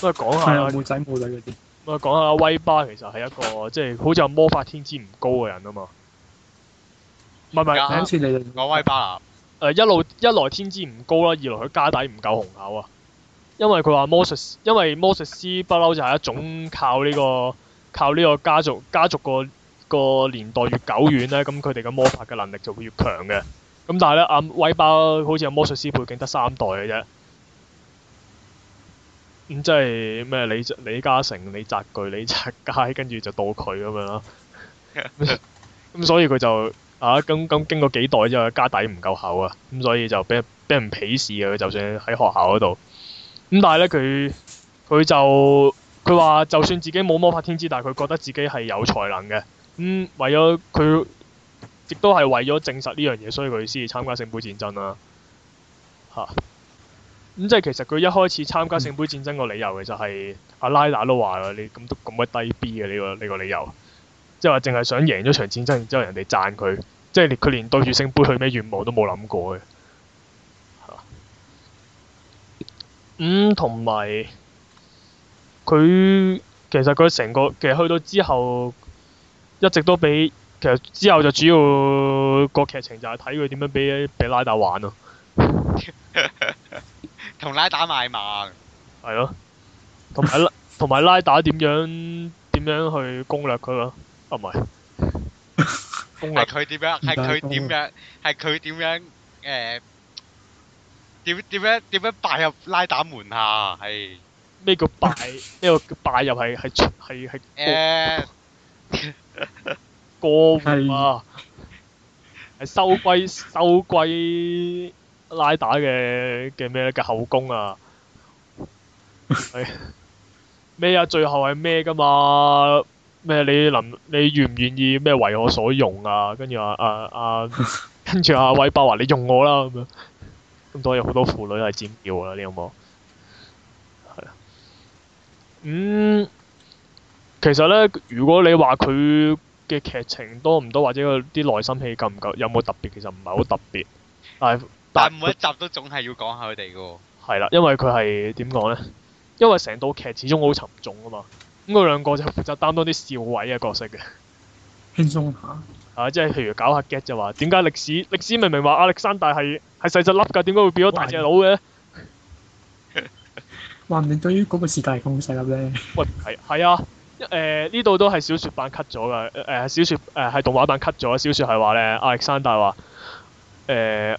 S1: 都
S2: 係講下啊，冇仔冇女嗰啲。不過講下威巴，其實係一個即係，就是、好似魔法天資唔高嘅人啊嘛。唔係唔係，第一次嚟講威巴啊。誒、啊，一路一來天資唔高啦，二來佢家底唔夠雄厚啊。因為佢話魔術師，因為魔術師不嬲就係一種靠呢、呢個靠呢個家族家族個個年代越久遠咧，咁佢哋嘅魔法嘅能力就會越強嘅。咁但係咧，阿威包好似係魔術師背景，得三代嘅啫。咁、嗯、即係咩？李李嘉誠、李澤巨、李澤楷，跟住就到佢咁樣啦。咁、 嗯、所以佢就啊，咁咁經過幾代之後，家底唔夠厚啊，咁所以就俾俾人鄙視啊。佢就算喺學校嗰度。咁但係咧，佢佢，就佢話，就算自己冇魔法天資，但係佢覺得自己係有才能嘅。咁、嗯、為咗佢亦都係為咗證實呢樣嘢，所以佢先至參加聖杯戰爭啦、啊。吓、啊，咁、嗯、即係其實佢一開始參加聖杯戰爭個理由、就是，其實係阿拉達都話啦，你咁咁鬼低 B 嘅呢、這個呢、這個理由，即係話淨係想贏咗場戰爭，然之後人哋讚佢，即係佢連對住聖杯去咩願望都冇諗過嘅。咁同埋，佢、嗯、其實佢成個其實去到之後，一直都俾其實之後就主要個劇情就係睇佢點樣俾俾拉打玩咯，
S1: 同 拉打賣萌，
S2: 係咯。同埋拉同埋拉打點樣點樣去攻略佢咯。啊唔係，
S1: 攻略佢點樣？係佢點樣？係佢點樣？誒。呃點點樣點樣拜入拉打門啊？係
S2: 咩叫拜？咩 叫拜入係係出係係過戶啊！係 收歸收歸拉打嘅嘅咩嘅後宮啊！係咩 啊？最後係咩㗎嘛？咩你能你願唔願意咩為我所用啊？跟住話啊啊，啊，跟住阿威伯話你用我啦咁樣。咁多有好多婦女係尖叫啦！你有冇？係啊。咁其實咧，如果你話佢嘅劇情多唔多，或者啲內心戲夠唔夠，有冇特別，其實唔係好特別。但係但係每一集
S1: 都總係要講下佢哋嘅喎。係啦，因為
S2: 佢係點講咧？因為成套劇始終好沉重啊嘛。咁佢兩個就負責擔當啲笑位嘅角色嘅。輕鬆下，啊。啊，即係譬如搞下 get 就話點解歷史歷史明明話亞歷山大係係細隻粒噶，點解會變咗大隻佬嘅？話唔定對於嗰個時代係咁細粒咧。 喂，係係啊，誒呢度都係小說版 cut 咗噶，誒小說誒係動畫版 cut 咗。小說係話咧，亞、呃、歷山大話，誒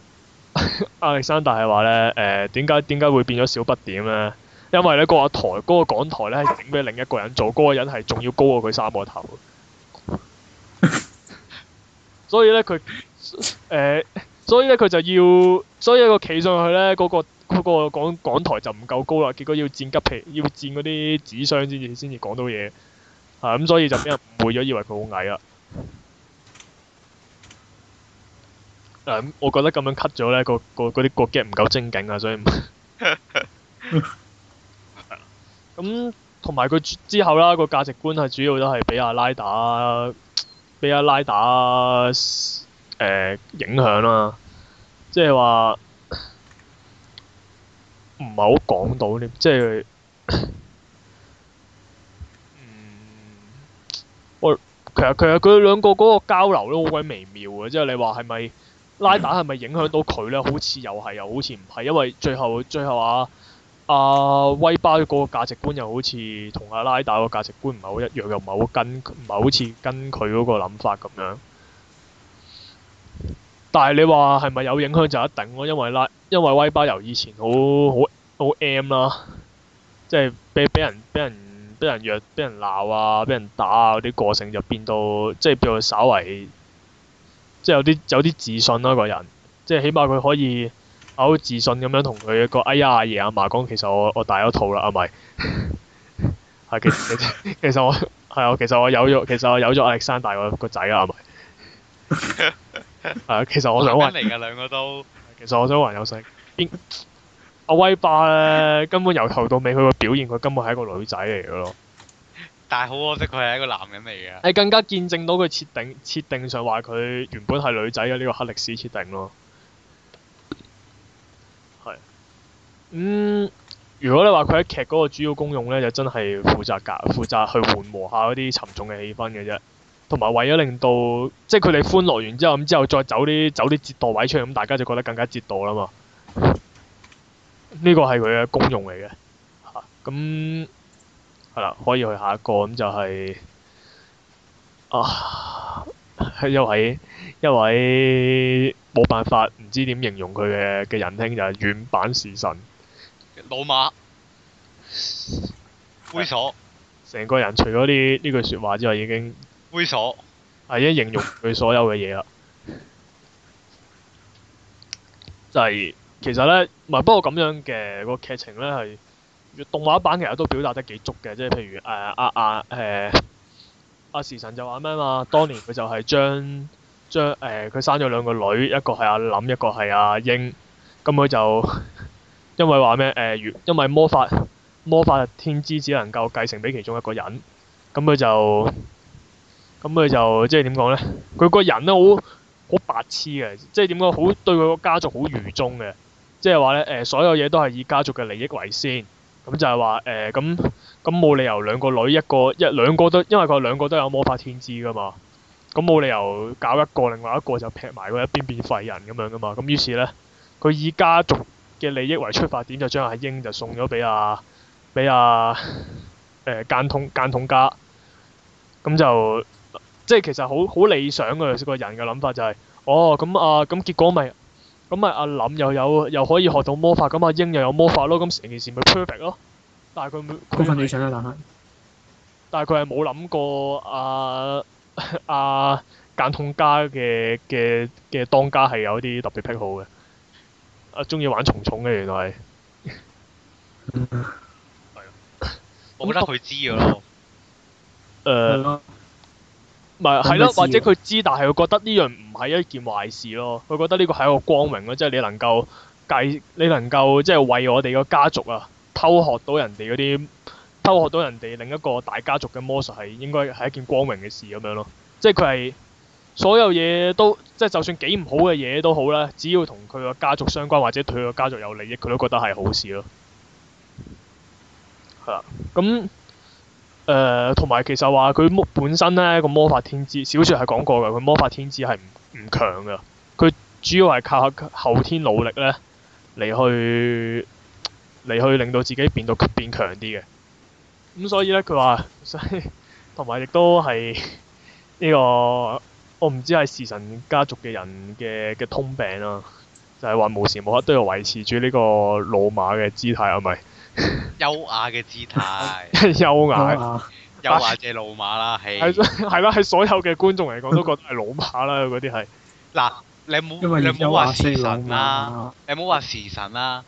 S2: 亞歷山大話咧，誒點解點解會變咗小不點咧？因為咧嗰、嗰個台、嗰、嗰個講台咧係整俾另一個人做，嗰、嗰個人係仲要高過佢三個頭。 所以咧，佢、呃、誒。所以咧佢就要，所以個企上去咧嗰、那個嗰、那個講講台就唔夠高啦，結果要占急，皮，要占嗰啲紙箱先至先至講到嘢，啊咁所以就俾人誤會咗，以為佢好矮啦。誒、嗯，我覺得咁樣 cut 咗咧個、那個嗰啲國劇唔夠正經啊，所以咁同埋佢之後啦、那個價值觀係主要都係俾阿拉打，俾阿拉打誒、呃、影響啦、啊。即係話，唔係好講到添，即係，嗯，我其實，其實佢兩個嗰個交流都好鬼微妙嘅，即係你話，係咪拉打係咪影響到佢咧？好似又係，又好似唔係，因為最後最後啊，阿威巴嗰個價值觀又好似同阿拉打個價值觀唔係好一樣，又唔係好跟，唔係好似跟佢嗰個諗法咁樣。但係你話係咪有影響就一定咯，因為啦，因為威巴由以前好好好 M 啦，即係俾俾人俾人俾人虐、俾人鬧啊、俾人打啊嗰啲過程，就變到即係變到稍為，即係有啲有啲自信啦、啊、個人，即係起碼佢可以好自信咁樣同佢個哎呀阿爺阿嫲講，其實我我大咗肚啦，係咪？係 其實其實我係啊，其實我有咗，其實我有咗阿力山大個個仔啦，係咪？是 係 其實我想玩。嚟
S1: 嘅兩個都。
S2: 其實我想玩有性。 阿威霸咧，根本由頭到尾，佢嘅表現，佢根本係一個女仔嚟嘅咯。
S1: 但係好可惜，佢係一個男人嚟嘅。係更加
S2: 見證到佢設定設定上話佢原本係女仔嘅呢個黑歷史設定咯。
S1: 係。
S2: 嗯，如果你話佢喺劇嗰個主要功用咧，就真係負責夾，負責去緩和下嗰啲沉重嘅氣氛嘅啫。同埋為咗令到，即係佢哋歡樂完之後，咁之後再走啲走啲折墮位出嚟，咁大家就覺得更加折墮啦嘛。呢個係佢嘅功用嚟嘅。咁係啦，可以去下一個咁就係、係、啊，一位一位冇辦法，唔知點形容佢嘅嘅人聽就係原版時神
S1: 老馬灰瑣，成、啊、
S2: 個人除咗呢呢句説話之外已經。猥瑣已經形容佢所有嘅嘢啦，就係、是、其實咧，唔係不過咁樣嘅個劇情咧係動畫版，其實都表達得幾足嘅。即係譬如誒阿阿誒阿時臣就話咩嘛？當年佢就係將將誒佢生咗兩個女，一個係阿林，一個係阿英。咁、嗯、佢就因為話咩誒？因為魔法魔法天資只能夠繼承俾其中一個人，咁、嗯、佢就。咁佢就即係點講咧？佢個人都好好白痴嘅，即係點講好對佢個家族好愚忠嘅，即係話咧誒，所有嘢都係以家族嘅利益為先。咁就係話誒，咁咁冇理由兩個女一個一兩個都，因為佢兩個都有魔法天資噶嘛。咁冇理由搞一個，另外一個就劈埋佢一邊變廢人咁樣噶嘛。咁於是咧，佢以家族嘅利益為出發點，就將阿英就送咗俾阿俾阿誒間通間通家。咁就～即係其實好好理想嘅一個人嘅諗法就係、是，哦咁啊咁結果咪，咁咪阿林又有又可以學到魔法，咁、啊、阿英又有魔法咯，咁成件事咪 perfect 咯。但係佢冇。過分理想啊，但係。但係佢係冇諗過啊，啊，間通家嘅嘅嘅當家係有啲特別癖好嘅，啊中意玩蟲蟲嘅原來
S1: 係。我覺得佢知咗咯。誒。
S2: 咪係咯，或者佢知，但係佢覺得呢樣唔係一件壞事咯。佢覺得呢個係一個光榮咯，即係你能夠計，你能夠即係、就是、為我哋個家族啊偷學到人哋嗰啲，偷學到人哋另一個大家族嘅魔術係應該係一件光榮嘅事咁樣咯。即係佢係所有嘢都，即係就算幾唔好嘅嘢都好啦，只要同佢個家族相關或者對佢個家族有利益，佢都覺得係好事咯。係啦，咁。誒同埋其實話佢本身呢個魔法天資，小説係講過嘅，佢魔法天資係唔唔強嘅。佢主要係靠後天努力呢嚟去嚟去令到自己變到變強啲嘅。咁、嗯、所以呢，佢話，同埋亦都係呢個我唔知係時神家族嘅人嘅嘅通病啦、啊，就係、係、話無時無刻都要維持住呢個老馬嘅
S1: 姿態係咪。是優雅嘅姿態，優雅，優雅嘅老馬啦，係
S2: 係啦，喺所有嘅觀眾嚟講，都覺得係老馬啦，嗰啲係。
S1: 嗱，你唔好你唔好話時神啦，你唔好話時神啦。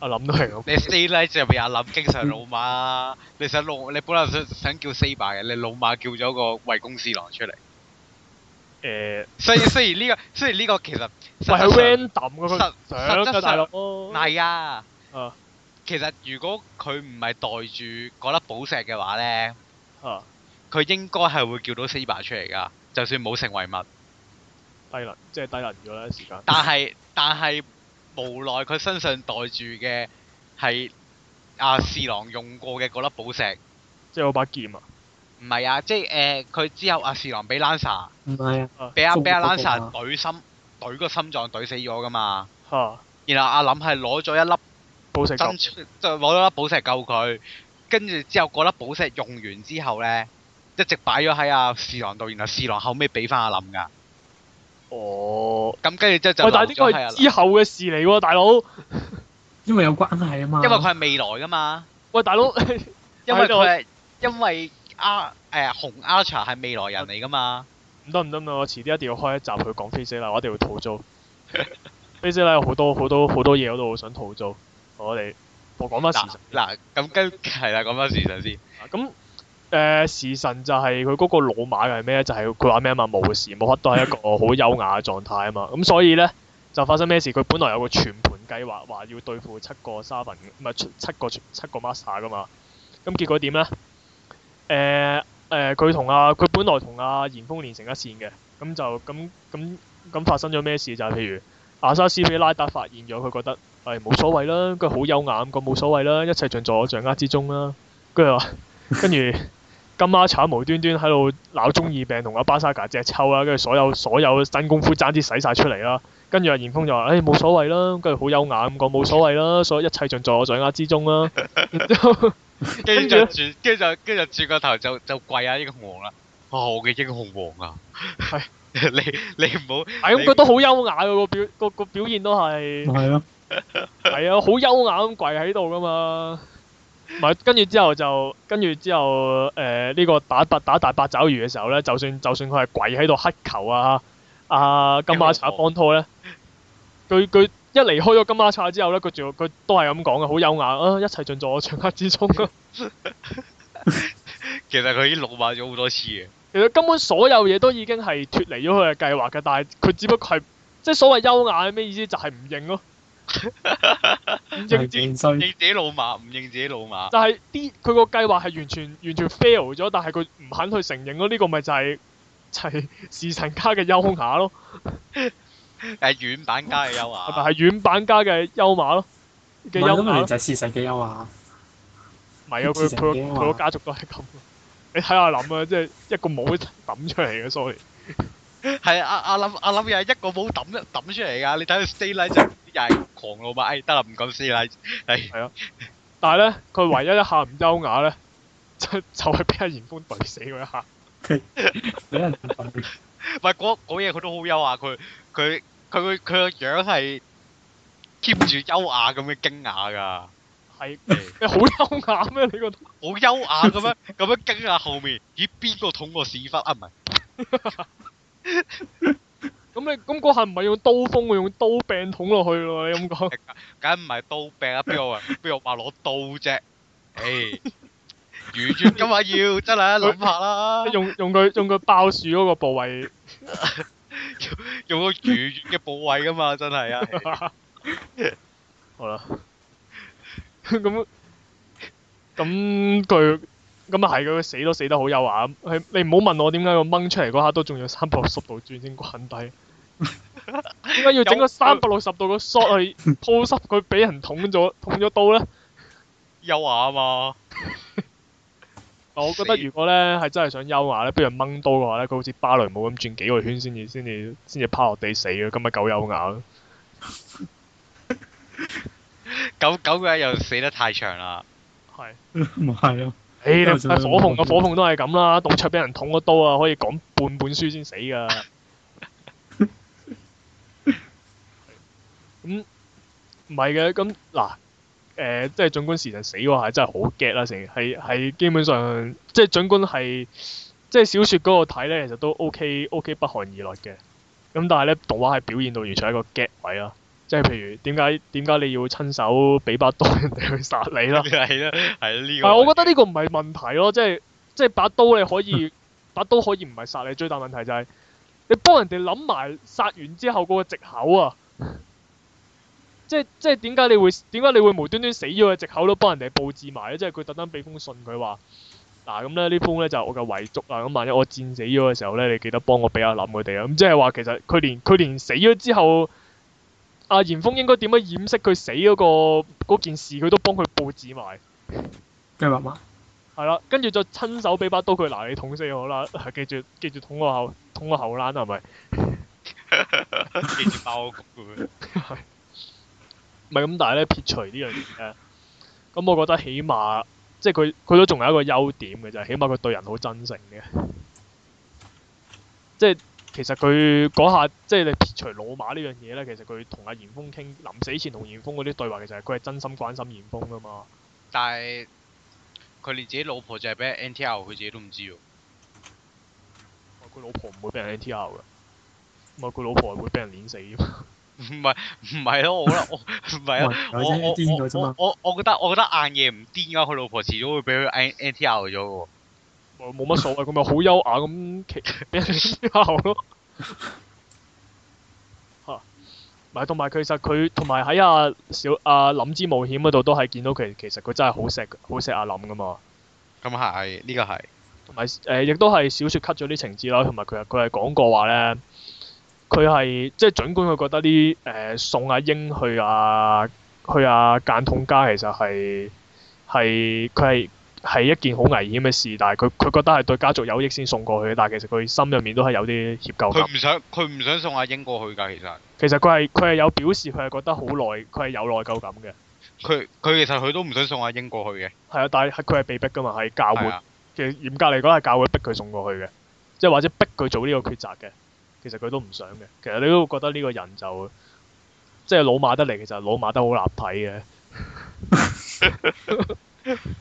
S1: 阿林都係咁。你 s a y l i k e 入面阿林經常老馬，你想老你本嚟，想想叫 Saber 嘅，你老馬叫咗個衛宮士郎出嚟。誒，雖雖然呢個雖然呢個其實，係 random 嘅，係啊。其實如果佢唔係袋住嗰粒寶石嘅話咧，佢、啊、應該係會叫到 Saber 出嚟噶，就算冇成為物。低能，即係低能咗啦，時間。但係但係無奈佢身上袋住嘅係阿侍郎用過嘅嗰粒寶石，即係嗰把劍啊。唔係啊，即係誒、佢、呃、之後阿、啊、侍郎俾 Lancer 唔係啊，俾阿俾阿 Lancer 懟心，懟個心臟懟死咗噶嘛。然後阿林係攞咗一粒。啊啊寶石真就攞咗粒寶石救佢，跟住之後嗰粒寶石用完之後咧，一直擺咗喺阿士郎度，然後士郎後尾俾翻阿林噶。哦、oh.，咁跟住之後就喂，但係呢個係之後嘅事嚟，大佬。 因為有關係啊嘛。因為佢係未來噶嘛。喂，大佬，因為佢係因為阿誒紅阿茶係未來人嚟噶嘛。唔得唔得我遲啲一定要開一集去講 Fate
S2: 啦，我一定要吐槽。Fate 咧有好多好多好多嘢，多多我都好想吐槽。
S1: 我哋我講翻時辰嗱，咁梗係啦，講翻、啊、時辰先，咁
S2: 誒時辰就係佢嗰個老馬嘅，係咩就係佢話咩啊嘛，無時無刻都係一個好優雅嘅狀態啊嘛。咁、嗯、所以咧就發生咩事？佢本來有個全盤計劃，話要對付七個沙文，唔係七個七個 master 噶嘛。咁、嗯、結果點咧？誒、呃、誒，佢、呃、同啊佢本來同阿嚴峯連成一線嘅，咁、嗯、就咁咁咁發生咗咩事？就係譬如亞沙斯比拉達發現咗，佢覺得。係冇、哎、所謂啦，佢好優雅咁講冇所謂啦，一切盡在我掌握之中啦。跟住話，跟住金媽炒無端端喺度鬧中二病同阿巴沙格隻抽啦，跟住所有所有真功夫差啲使晒出嚟啦。跟住阿嚴峯就話：誒、哎、冇所謂啦，跟住好優雅咁講冇所謂啦，所以一切盡在我掌握之中啦。跟
S1: 住轉，跟住跟住轉個頭就就，頭就，就跪下英雄王啦、哦！我嘅英雄王啊！係 你你唔好係咁，佢都
S2: 好優雅嘅個表個、個表現都係。係咯。 係 啊，好優雅咁跪喺度噶嘛。係跟住之後就跟住之後誒呢、呃這個打八打大八爪魚嘅時候咧，就算就算佢係跪喺度乞求啊啊金馬叉幫拖咧，佢佢一離開咗金馬叉之後咧，佢仲佢都係咁講嘅，好優雅啊，一切盡在我掌握之中，啊。
S1: 其實佢已經露馬咗好多次嘅。
S2: 其實根本所有嘢都已經係脫離咗佢嘅計劃嘅，但係佢只不過係即係所謂優雅係咩意思？就係唔認咯。
S1: 唔 認自己老馬，唔認自己老馬。但係
S2: 啲佢個計劃係完全完全 fail 咗，但係佢唔肯去承認，這個就是就是、咯。呢個咪就係陳侍陳家嘅優雅咯。係
S1: 軟板家嘅優雅。
S2: 係軟板家嘅優雅咯。
S1: 嘅係都就
S2: 是世紀優雅。唔 係 啊！佢佢佢個家
S1: 族都係咁。 你
S2: 睇下諗啊，即、就、係、是、一個帽揼出嚟嘅，sorry。
S1: 係阿阿林阿、啊、林又係一個冇抌抌出嚟噶，你睇佢 stay live 就又係狂老母，得啦唔敢 stay live 係、哎。係啊，
S2: 但係咧，佢唯一一下唔優雅咧，就就係俾阿賢官懟死嗰一下。
S1: 俾人懟唔係講嘢佢都好優雅，佢佢佢佢個樣係 keep 住優雅咁樣驚訝噶。係，好優雅咩？你，你個好優雅咁 樣咁樣驚訝後面咦？邊個捅個屎忽啊？唔係。
S2: 咁你咁嗰下唔係用刀鋒，用刀柄捅落去咯？你咁講，
S1: 梗唔係刀柄啊？邊個話？邊個話攞刀啫？誒，魚專今日要真係諗下啦。
S2: 用用佢用佢包住嗰個部位，用用個
S1: 魚軟嘅部位噶嘛？真係啊！
S2: 好啦，咁咁佢。咁啊，係佢死都死得好優雅，你唔好問我點解佢掹出嚟嗰刻都仲要三百六十度轉先滾低，點解 要整個三百六十度個 shot 去鋪濕佢俾人捅咗 捅咗刀呢？
S1: 優雅啊嘛！
S2: 我覺得如果呢係真係想優雅咧，不如掹刀嘅話呢，佢好似芭蕾舞咁轉幾個圈先至先至先至趴落地
S1: 死嘅，咁咪夠優雅咯。咁咁嘅又死得太長啦。係，咪係咯？欸、火鳳個、啊、火鳳
S2: 都係咁啦，董卓俾人捅個刀啊，可以講半本書先死㗎。咁唔係嘅，咁嗱，誒、即、啊、係、呃就是、總管時辰死嗰下真係好 get 啦，成係係基本上即係、就是、總管係即係小說嗰個睇，咧，其實都 ok ok 不寒而栗嘅。咁、嗯、但係咧動畫係表現到完全係一個 get 位咯、啊。即係譬如點解點解你要親手俾把刀人哋去殺你啦？係啊，
S1: 係咯，呢個。但係我
S2: 覺得呢個唔係問題咯，即係即係把刀你可以把 刀可以唔係殺你，最大問題就係、是、你幫人哋諗埋殺完之後嗰個藉口啊！ 即係即係點解你會點解你會無端端死咗嘅藉口都幫人哋佈置埋咧？即係佢特登俾封信佢話嗱咁咧呢封咧就我嘅遺囑啊！咁、啊、萬一我戰死咗嘅時候咧，你記得幫我俾阿林佢哋啊！咁即係話其實佢連佢連死咗之後。阿嚴峰應該點樣掩飾佢死嗰，那個嗰件事？佢都幫佢布置埋，明白嗎？係啦、 嗯，跟住再親手俾把刀佢嗱，你捅死我啦，啊！記住記住，捅個後捅個後欄係咪？
S1: 記住包局。係。
S2: 唔係咁，但係咧撇除呢樣嘢，咁，嗯，我覺得起碼即係佢佢都仲有一個優點嘅就係起碼佢對人好真誠嘅，即係。其實佢講下，即係你撇除老馬呢樣嘢咧，其實佢同阿嚴峰傾臨死前同嚴峰嗰啲對話，其實係佢係真心關心嚴峰
S1: 噶嘛。但係佢連自己老婆就係俾人 NTR，佢自己都唔知喎。
S2: 佢、啊、老婆唔會俾人 NTR 唔咪佢、啊、老婆會俾人
S1: 碾死唔係唔係咯，我覺得我唔係啊，我覺我，我，我，我，我覺得我覺得硬嘢唔癲啊，佢老婆始終會俾 N NTR 咗喎。冇乜
S2: 所謂，咁咪好優雅咁，其一笑咯嚇。唔係，同埋其實佢同埋喺阿小阿、啊、林之冒險嗰度都係見到其其實佢真係好錫好錫阿林噶嘛。咁係、這個呃、呢個係。同埋誒，亦都係小說吸咗啲情節啦，同埋佢，佢係講過話咧，佢係即係儘管佢覺得啲誒、呃、送阿英去啊，去啊，去啊間桶家其實係係佢係。係一件好危險嘅事，但係佢佢覺得係對家族有益先送過去，但係其實佢心入面都係有啲歉疚感。佢唔想，
S1: 佢唔想送阿英過去㗎。其實
S2: 其實佢係佢係有表示，佢係覺得好內，佢係有內疚感嘅。
S1: 佢佢其實佢都唔想送阿英過去
S2: 嘅。係啊，但係佢係被逼㗎嘛，係教會。啊、其實嚴格嚟講係教會逼佢送過去嘅，即係或者逼佢做呢個抉擇嘅。其實佢都唔想嘅。其實你都會覺得呢個人就，即係老馬得嚟，其實老馬得好立體嘅。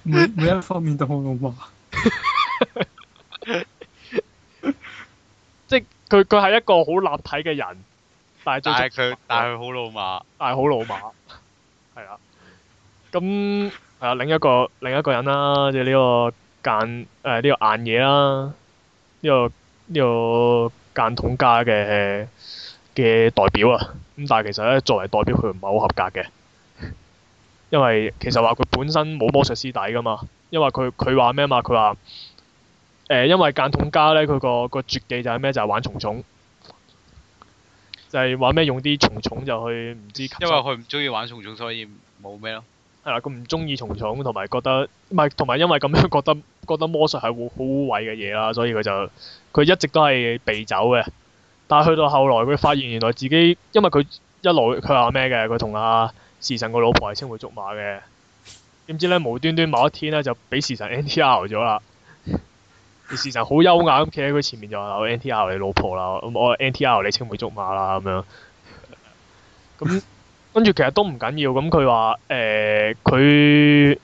S1: 每每一方面都好老馬，
S2: 即係佢佢係一個好立體嘅人，但係但係佢
S1: 但係佢好老馬，但係好老馬，係啊。
S2: 咁係 啊，另一個另一個人啦、啊，即係呢個間誒呢、呃這個硬嘢啦、啊、呢、這個呢、這個間統家嘅嘅代表啊。咁但係其實咧，作為代表佢唔係好合格嘅。因為其實話佢本身冇魔術師底噶嘛，因為佢佢話咩嘛，佢話誒，因為間諜家咧，佢個個絕技就係咩，就係玩蟲蟲，就係玩咩，用啲蟲蟲就去唔知。因為佢
S1: 唔中意玩蟲蟲，所以冇咩咯。係啦，
S2: 佢唔中意蟲蟲，同埋覺得唔係，同埋因為咁樣覺得覺得魔術係會好污穢嘅嘢啦，所以佢就佢一直都係避走嘅。但係去到後來，佢發現原來自己因為佢一來佢話咩嘅，佢同阿……時辰個老婆係青梅竹馬嘅，點知咧，無端端某一天咧就俾時辰 NTR 咗啦。而時辰好優雅咁企喺佢前面就話：我 NTR 你老婆啦，我 NTR 你青梅竹馬啦咁樣。咁跟住其實都唔緊要，咁佢話誒佢，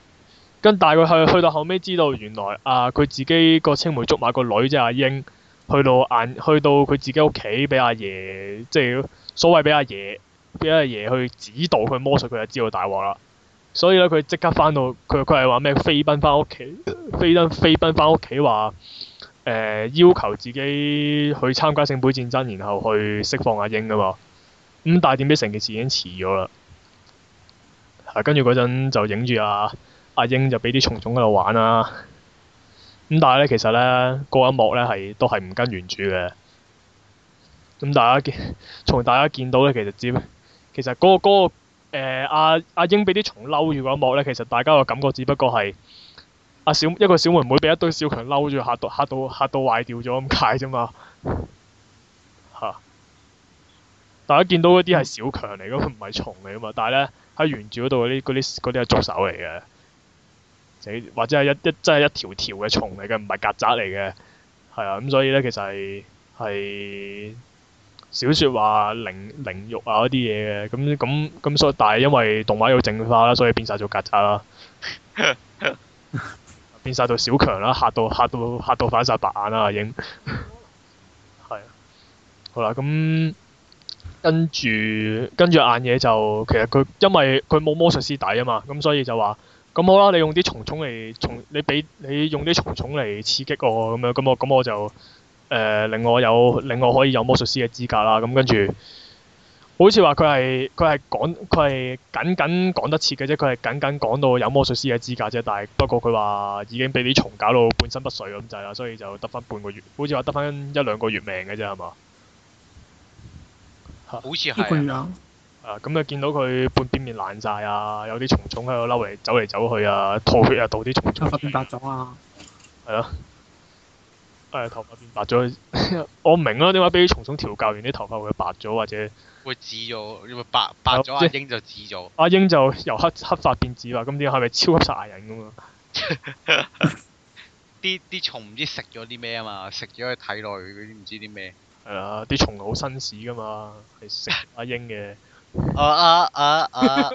S2: 跟帶佢去去到後尾知道原來啊佢自己個青梅竹馬個女即係阿英，去到眼去到佢自己屋企俾阿爺，即係所謂俾阿爺。俾阿爺去指導佢魔術，佢就知道大鑊啦。所以咧，佢即刻翻到佢，佢係話咩飛奔翻屋企，飛奔飛奔翻屋企話誒，要求自己去參加聖杯戰爭，然後去釋放阿英噶嘛。咁但係點知成件事已經遲咗啦、啊。跟住嗰陣就影住阿阿英就俾啲蟲蟲喺度玩啦、啊。咁、啊、但係咧，其實咧一幕咧係都係唔跟原著嘅。咁、啊、大家見從大家見到咧，其實知。其實嗰個嗰個，誒阿阿英俾啲蟲嬲住嗰一幕咧，其實大家個感覺只不過係阿、啊、小一個小妹妹俾一堆小強嬲住，嚇到嚇到嚇到壞掉咗咁解啫嘛嚇！ 大家見到嗰啲係小強嚟，咁唔係蟲嚟啊嘛！但係咧喺原著嗰度，嗰啲嗰啲嗰啲係觸手嚟嘅，或者係一一真係一條條嘅蟲嚟嘅，唔係曱甴嚟嘅，係啊，咁所以咧其實係係。小説話靈靈肉啊嗰啲嘢嘅，咁咁咁所以但係因為動畫要淨化啦，所以變晒做曱甴啦， 變晒做小強啦，嚇到嚇到嚇到反晒白眼啦已經，係， 好啦咁，跟住跟住眼嘢就其實佢因為佢冇魔術師底啊嘛，咁所以就話，咁好啦，你用啲蟲蟲嚟蟲你俾你用啲蟲蟲嚟刺激我咁樣，咁我咁我就。誒，令我、呃、有令我可以有魔術師嘅資格啦，咁、嗯、跟住，好似話佢係佢係講佢係僅僅講得切嘅啫，佢係僅僅講到有魔術師嘅資格啫，但係不過佢話已經俾啲蟲搞到半身不遂咁滯啦，所以就得翻半個月，好似話得翻一兩個月命嘅啫，係嘛？好似係。係啊，咁、嗯、啊、嗯、見到佢半邊面爛晒啊，有啲蟲蟲喺度嬲嚟走嚟走，走去啊，吐血啊，到啲蟲蟲啊，係、嗯、咯。係頭髮變白咗，我唔明啊，點解俾蟲蟲調教完啲頭髮會白咗或者
S1: 會紫咗？因為白白咗阿英就紫咗，阿英就由
S2: 黑黑髮變紫髮，咁點係咪超級殺
S1: 人咁啊？啲啲蟲唔知食咗啲咩啊嘛，食咗佢體內嗰啲唔知啲咩係啊，啲蟲好紳士噶嘛，係
S2: 食阿英嘅。
S1: 啊啊啊啊！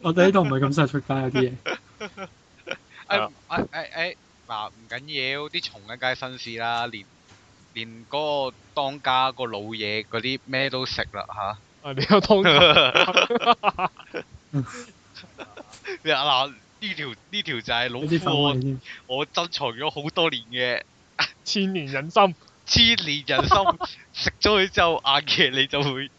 S1: 我哋呢度唔係咁適合出街啊啲嘢。嗱，唔緊要，啲蟲一街新鮮啦，連連嗰個當家、個老嘢嗰啲咩都食啦嚇。你有通㗎？你阿嗱呢條呢條就係老貨，我珍藏咗好多年嘅千年人心， 千年人心食咗佢之後，阿爺你就會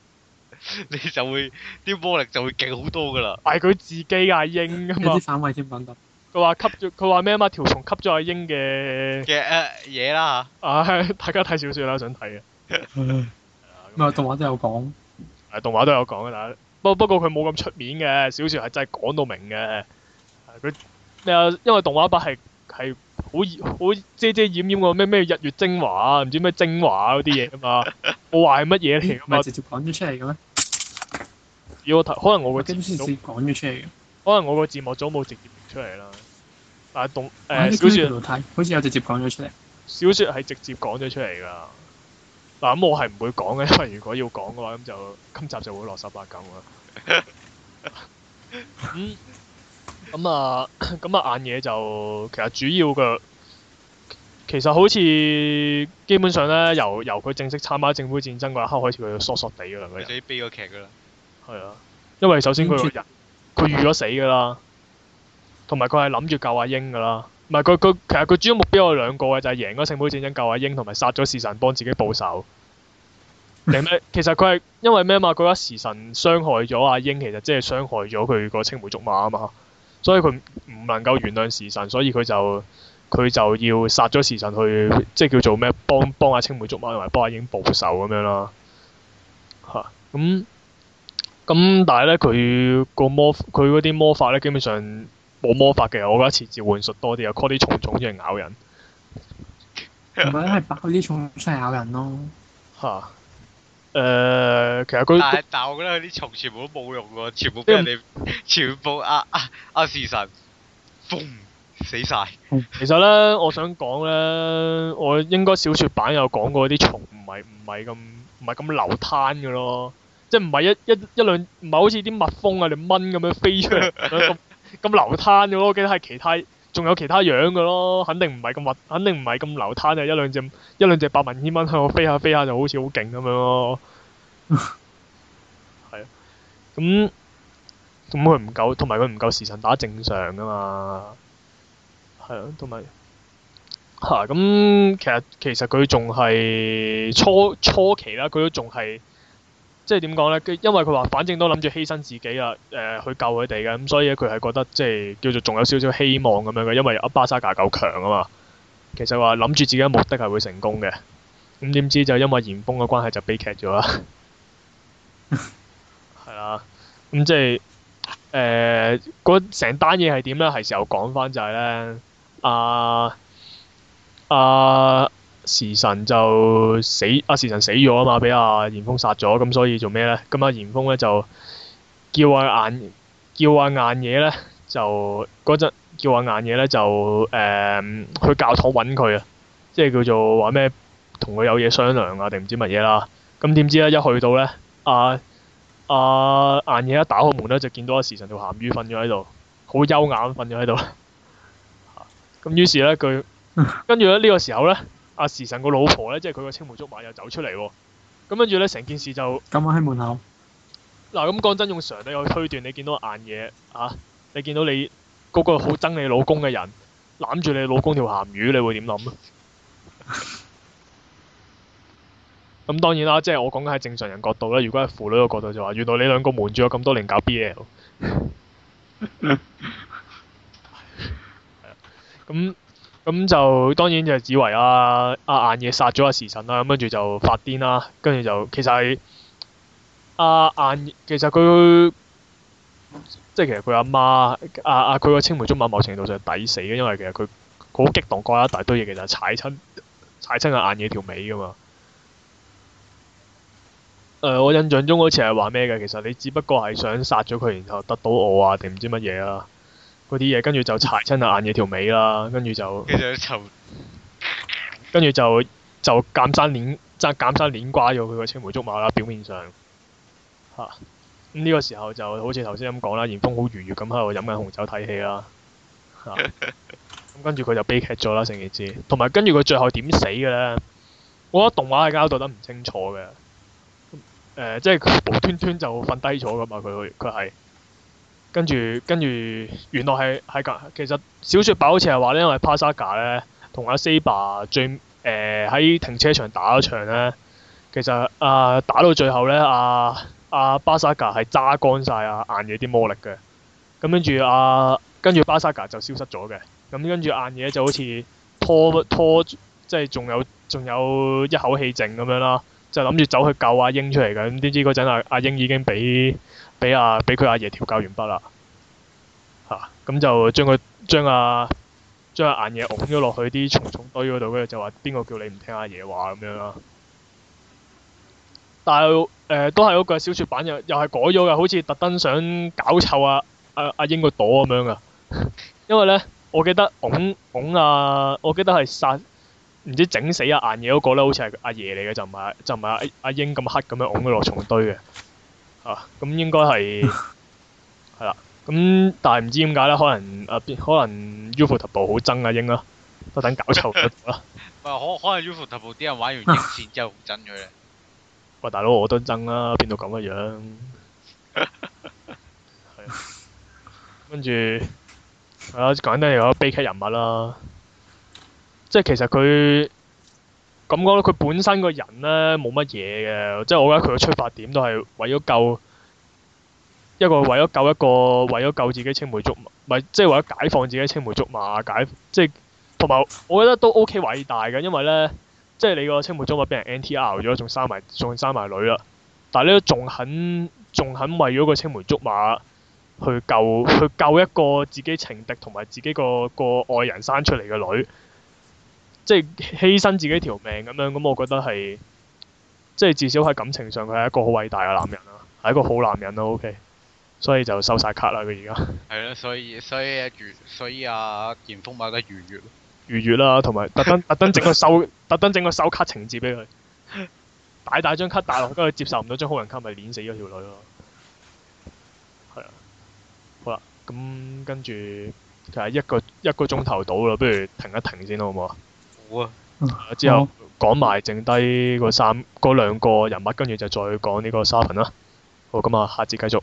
S1: 你就會啲魔力就會勁好多噶啦。
S2: 係佢 自己阿英啲反胃添，等等。佢話吸咗，佢話咩啊嘛？條蟲吸咗阿英嘅嘅
S1: 嘢啦
S2: 嚇。 大家睇小説啦，想睇嘅。咁係動畫都有講。係動畫都有講啊，但係不不過佢冇咁出面，嘅小説係真係講到明嘅。佢，因為因為動畫版係係好好遮遮掩掩個咩咩日月精華啊，唔知咩精華嗰啲嘢啊嘛。我話係乜嘢嚟？嘛？ 直接講咗出嚟嘅咩？我睇，可能我個字幕組講咗出嚟。可能我個字幕組冇直接出嚟啦。 啊！小説，好似有直接講咗出嚟。小説係直接講咗出嚟㗎。嗱、呃、咁、嗯、我係唔會講嘅，因為如果要講嘅話，咁就今集就會落手八九」啦、 嗯。咁咁啊咁啊，眼嘢就其實主要嘅，其實好似基本上咧，由由佢正式參加政府戰爭嗰一刻開始塞塞，佢就疏疏地㗎啦，佢。
S1: 最悲個劇㗎啦。係啊，
S2: 因為首先佢佢、嗯嗯嗯嗯嗯、預咗死㗎啦。同埋佢係諗住救阿英㗎啦，唔係佢佢其實佢主要目標有兩個嘅，就係、是、贏咗聖杯戰爭救阿英，同埋殺咗時臣幫自己報仇。定咩？其實佢係因為咩嘛？覺、那、得、個、時臣傷害咗阿英，其實即係傷害咗佢個青梅竹馬啊嘛，所以佢唔能夠原諒時臣，所以佢就佢就要殺咗時臣去，即、就、係、是、叫做咩？幫幫阿、啊、青梅竹馬同埋幫阿、啊、英報仇咁樣啦。吓、啊？咁、嗯、咁、嗯，但係咧，佢個魔佢嗰啲魔法咧，基本上。冇魔法嘅，我覺得次召喚術多啲啊，call 啲蟲蟲出嚟咬人。唔係，係把嗰啲蟲出嚟咬人咯。嚇！誒，其實佢。但係，
S1: 但係我覺得佢啲蟲全部都冇用喎，全部俾人哋全部啊，阿阿時神 boom 死晒。
S2: 其實咧，我想講咧，我應該小說版有講過啲蟲
S1: 唔係唔係
S2: 咁唔係咁流攤嘅咯，即係唔係一一一,一兩唔係好似啲蜜蜂啊、你蚊咁樣飛出嚟。 咁流灘嘅咯，記得係其他，仲有其他樣嘅咯，肯定唔係咁滑，肯定唔係咁流灘嘅，一兩隻一兩隻白紋天蚊喺度飛下飛下就好似好勁咁樣咯。係 啊，咁咁佢唔夠，同埋佢唔夠時辰打正常㗎嘛。係啊，同埋嚇咁其實其實佢仲係初初期啦，佢都仲係。即係點講呢？因為佢話，反正都諗住犧牲自己啊、呃，去救佢哋嘅，咁所以佢係覺得即係叫做仲有少少希望咁樣嘅，因為阿巴沙格夠強啊嘛。其實話諗住自己嘅目的係會成功嘅，咁點知就因為嚴峯嘅關係就悲劇咗啦。係啊， 咁即係誒嗰成單嘢係點呢？係時候講返就係、係、呢。啊、呃、啊！呃時神就死啊！時神死咗啊嘛，俾阿嚴峰殺咗咁，所以做咩咧？咁阿嚴峰咧就叫阿、啊、晏叫阿、啊、晏野咧，就嗰陣叫阿、啊、晏野咧就誒、呃、去教堂搵佢啊，即係叫做話咩同佢有嘢商量啊，定唔知乜嘢啦？咁點知咧一去到咧阿阿晏野一打開門咧就見到阿、啊、時神條鹹魚瞓咗喺度，好優雅瞓咗喺度。咁 於是咧佢、嗯、跟住咧呢、這個時候咧。阿時辰個老婆咧，即係佢個青梅竹馬又走出嚟喎，咁跟住咧成件事就咁喺門口。嗱，咁講真，用常理去推斷，你見到眼嘢嚇，你見到你嗰個好憎你老公嘅人攬住你老公條鹹魚，你會點諗啊？咁當然啦，即係我講緊係正常人角度啦。如果係婦女嘅角度就話，原來你兩個瞞住我咁多年搞 BL。咁咁就、嗯、當然就係指維啊，阿晏夜殺咗阿、啊、時辰啦，咁跟住就發癲啦，跟住就其實係阿晏，其實佢即係其實佢阿、就是、媽，阿阿佢個青梅竹馬，啊、某程度上係抵死嘅，因為其實佢好激動，講一大堆嘢，其實踩親踩親阿晏夜條尾噶嘛。誒、呃，我印象中好似係話咩嘅？其實你只不過係想殺咗佢，然後得到我啊，定唔知乜嘢啊？嗰啲嘢，跟住就踩親啊！眼嘢條尾啦，跟住 就跟住就就減刪鏈，即係減刪鏈掛咗佢個青梅竹馬啦。表面上，吓、啊，咁呢個時候就好似頭先咁講啦，嚴風好愉悅咁喺度飲緊紅酒睇戲啦，吓、啊，咁跟住佢就悲劇咗啦，成件事。同埋跟住佢最後點死嘅咧？我覺得動畫係交代得唔清楚嘅，誒、呃，即係佢無端端就瞓低咗噶嘛，佢佢係。跟住跟住，原來係係隔，其實小說版好似係話咧，因為巴沙噶咧同阿 Saber 最誒喺、呃、停車場打咗場咧，其實啊、呃、打到最後咧，阿阿巴沙噶係揸乾晒啊晏、啊啊、野啲魔力嘅，咁跟住啊跟住巴沙噶就消失咗嘅，咁跟住晏野就好似拖拖即係仲有仲有一口氣剩咁樣啦，就諗住走去救阿英出嚟嘅，點知嗰陣阿英已經俾。俾阿俾佢阿爺調教完畢啦，嚇、啊、咁就將佢將阿將阿顏爺拱咗落去啲蟲蟲堆嗰度，跟住就話邊個叫你唔聽阿爺，爺話咁樣啦、啊。但係誒、呃、都係嗰句小說版又又係改咗嘅，好似特登想搞臭阿阿阿英個朵咁樣噶。因為咧，我記得拱拱阿我記得係殺唔知整死阿顏爺嗰個咧，好似係阿爺嚟嘅，就唔係就唔係阿阿英咁黑咁樣拱咗落蟲堆嘅。啊，咁、嗯、應該係係啦，咁、嗯嗯、但係唔知點解咧？可能、呃、可能啊， 啊，可能 YouTube 好憎啊英啦，都等搞臭佢啦。
S1: 唔係可可能 YouTube 啲人玩完贏錢之後憎佢咧。
S2: 喂、 啊，大佬我都憎啦，邊度咁嘅樣？係跟住係啊，啊嗯嗯嗯嗯、講緊啲有悲劇人物啦，即係其實佢。咁講咧，佢本身個人呢冇乜嘢嘅，即係我覺得佢嘅出發點都係為咗救一個，為咗救一個，為咗救自己青梅竹馬，唔係即係為咗解放自己青梅竹馬解，即係同埋我覺得都 OK 偉大嘅，因為呢，即係你個青梅竹馬俾人 NTR 咗，仲生埋仲生埋女啦，但係咧仲肯仲肯為咗個青梅竹馬去救去救一個自己情敵同埋自己個個愛人生出嚟嘅女。即係犧牲自己條命咁樣，咁我覺得係，即係至少喺感情上佢係一個好偉大嘅男人啊，係一個好男人咯。O、okay? K，所以就收晒卡啦佢而家。
S1: 係咯，所以，所以，所，以所以啊，余，所以阿嚴峰買嘅如月，
S2: 如月啦、啊，同埋特登特登整個收， 特登整個收卡情節俾佢，
S1: 大大張卡
S2: 大落，跟住接受唔到張好人卡，咪碾死咗條女咯。係啊，好啦，咁跟住其實一個一個鐘頭到咯，不如停一停先，好唔好啊？嗯、之後講埋剩低嗰三嗰兩個人物，跟住就再講呢個沙塵啦。好，咁啊，下次繼續。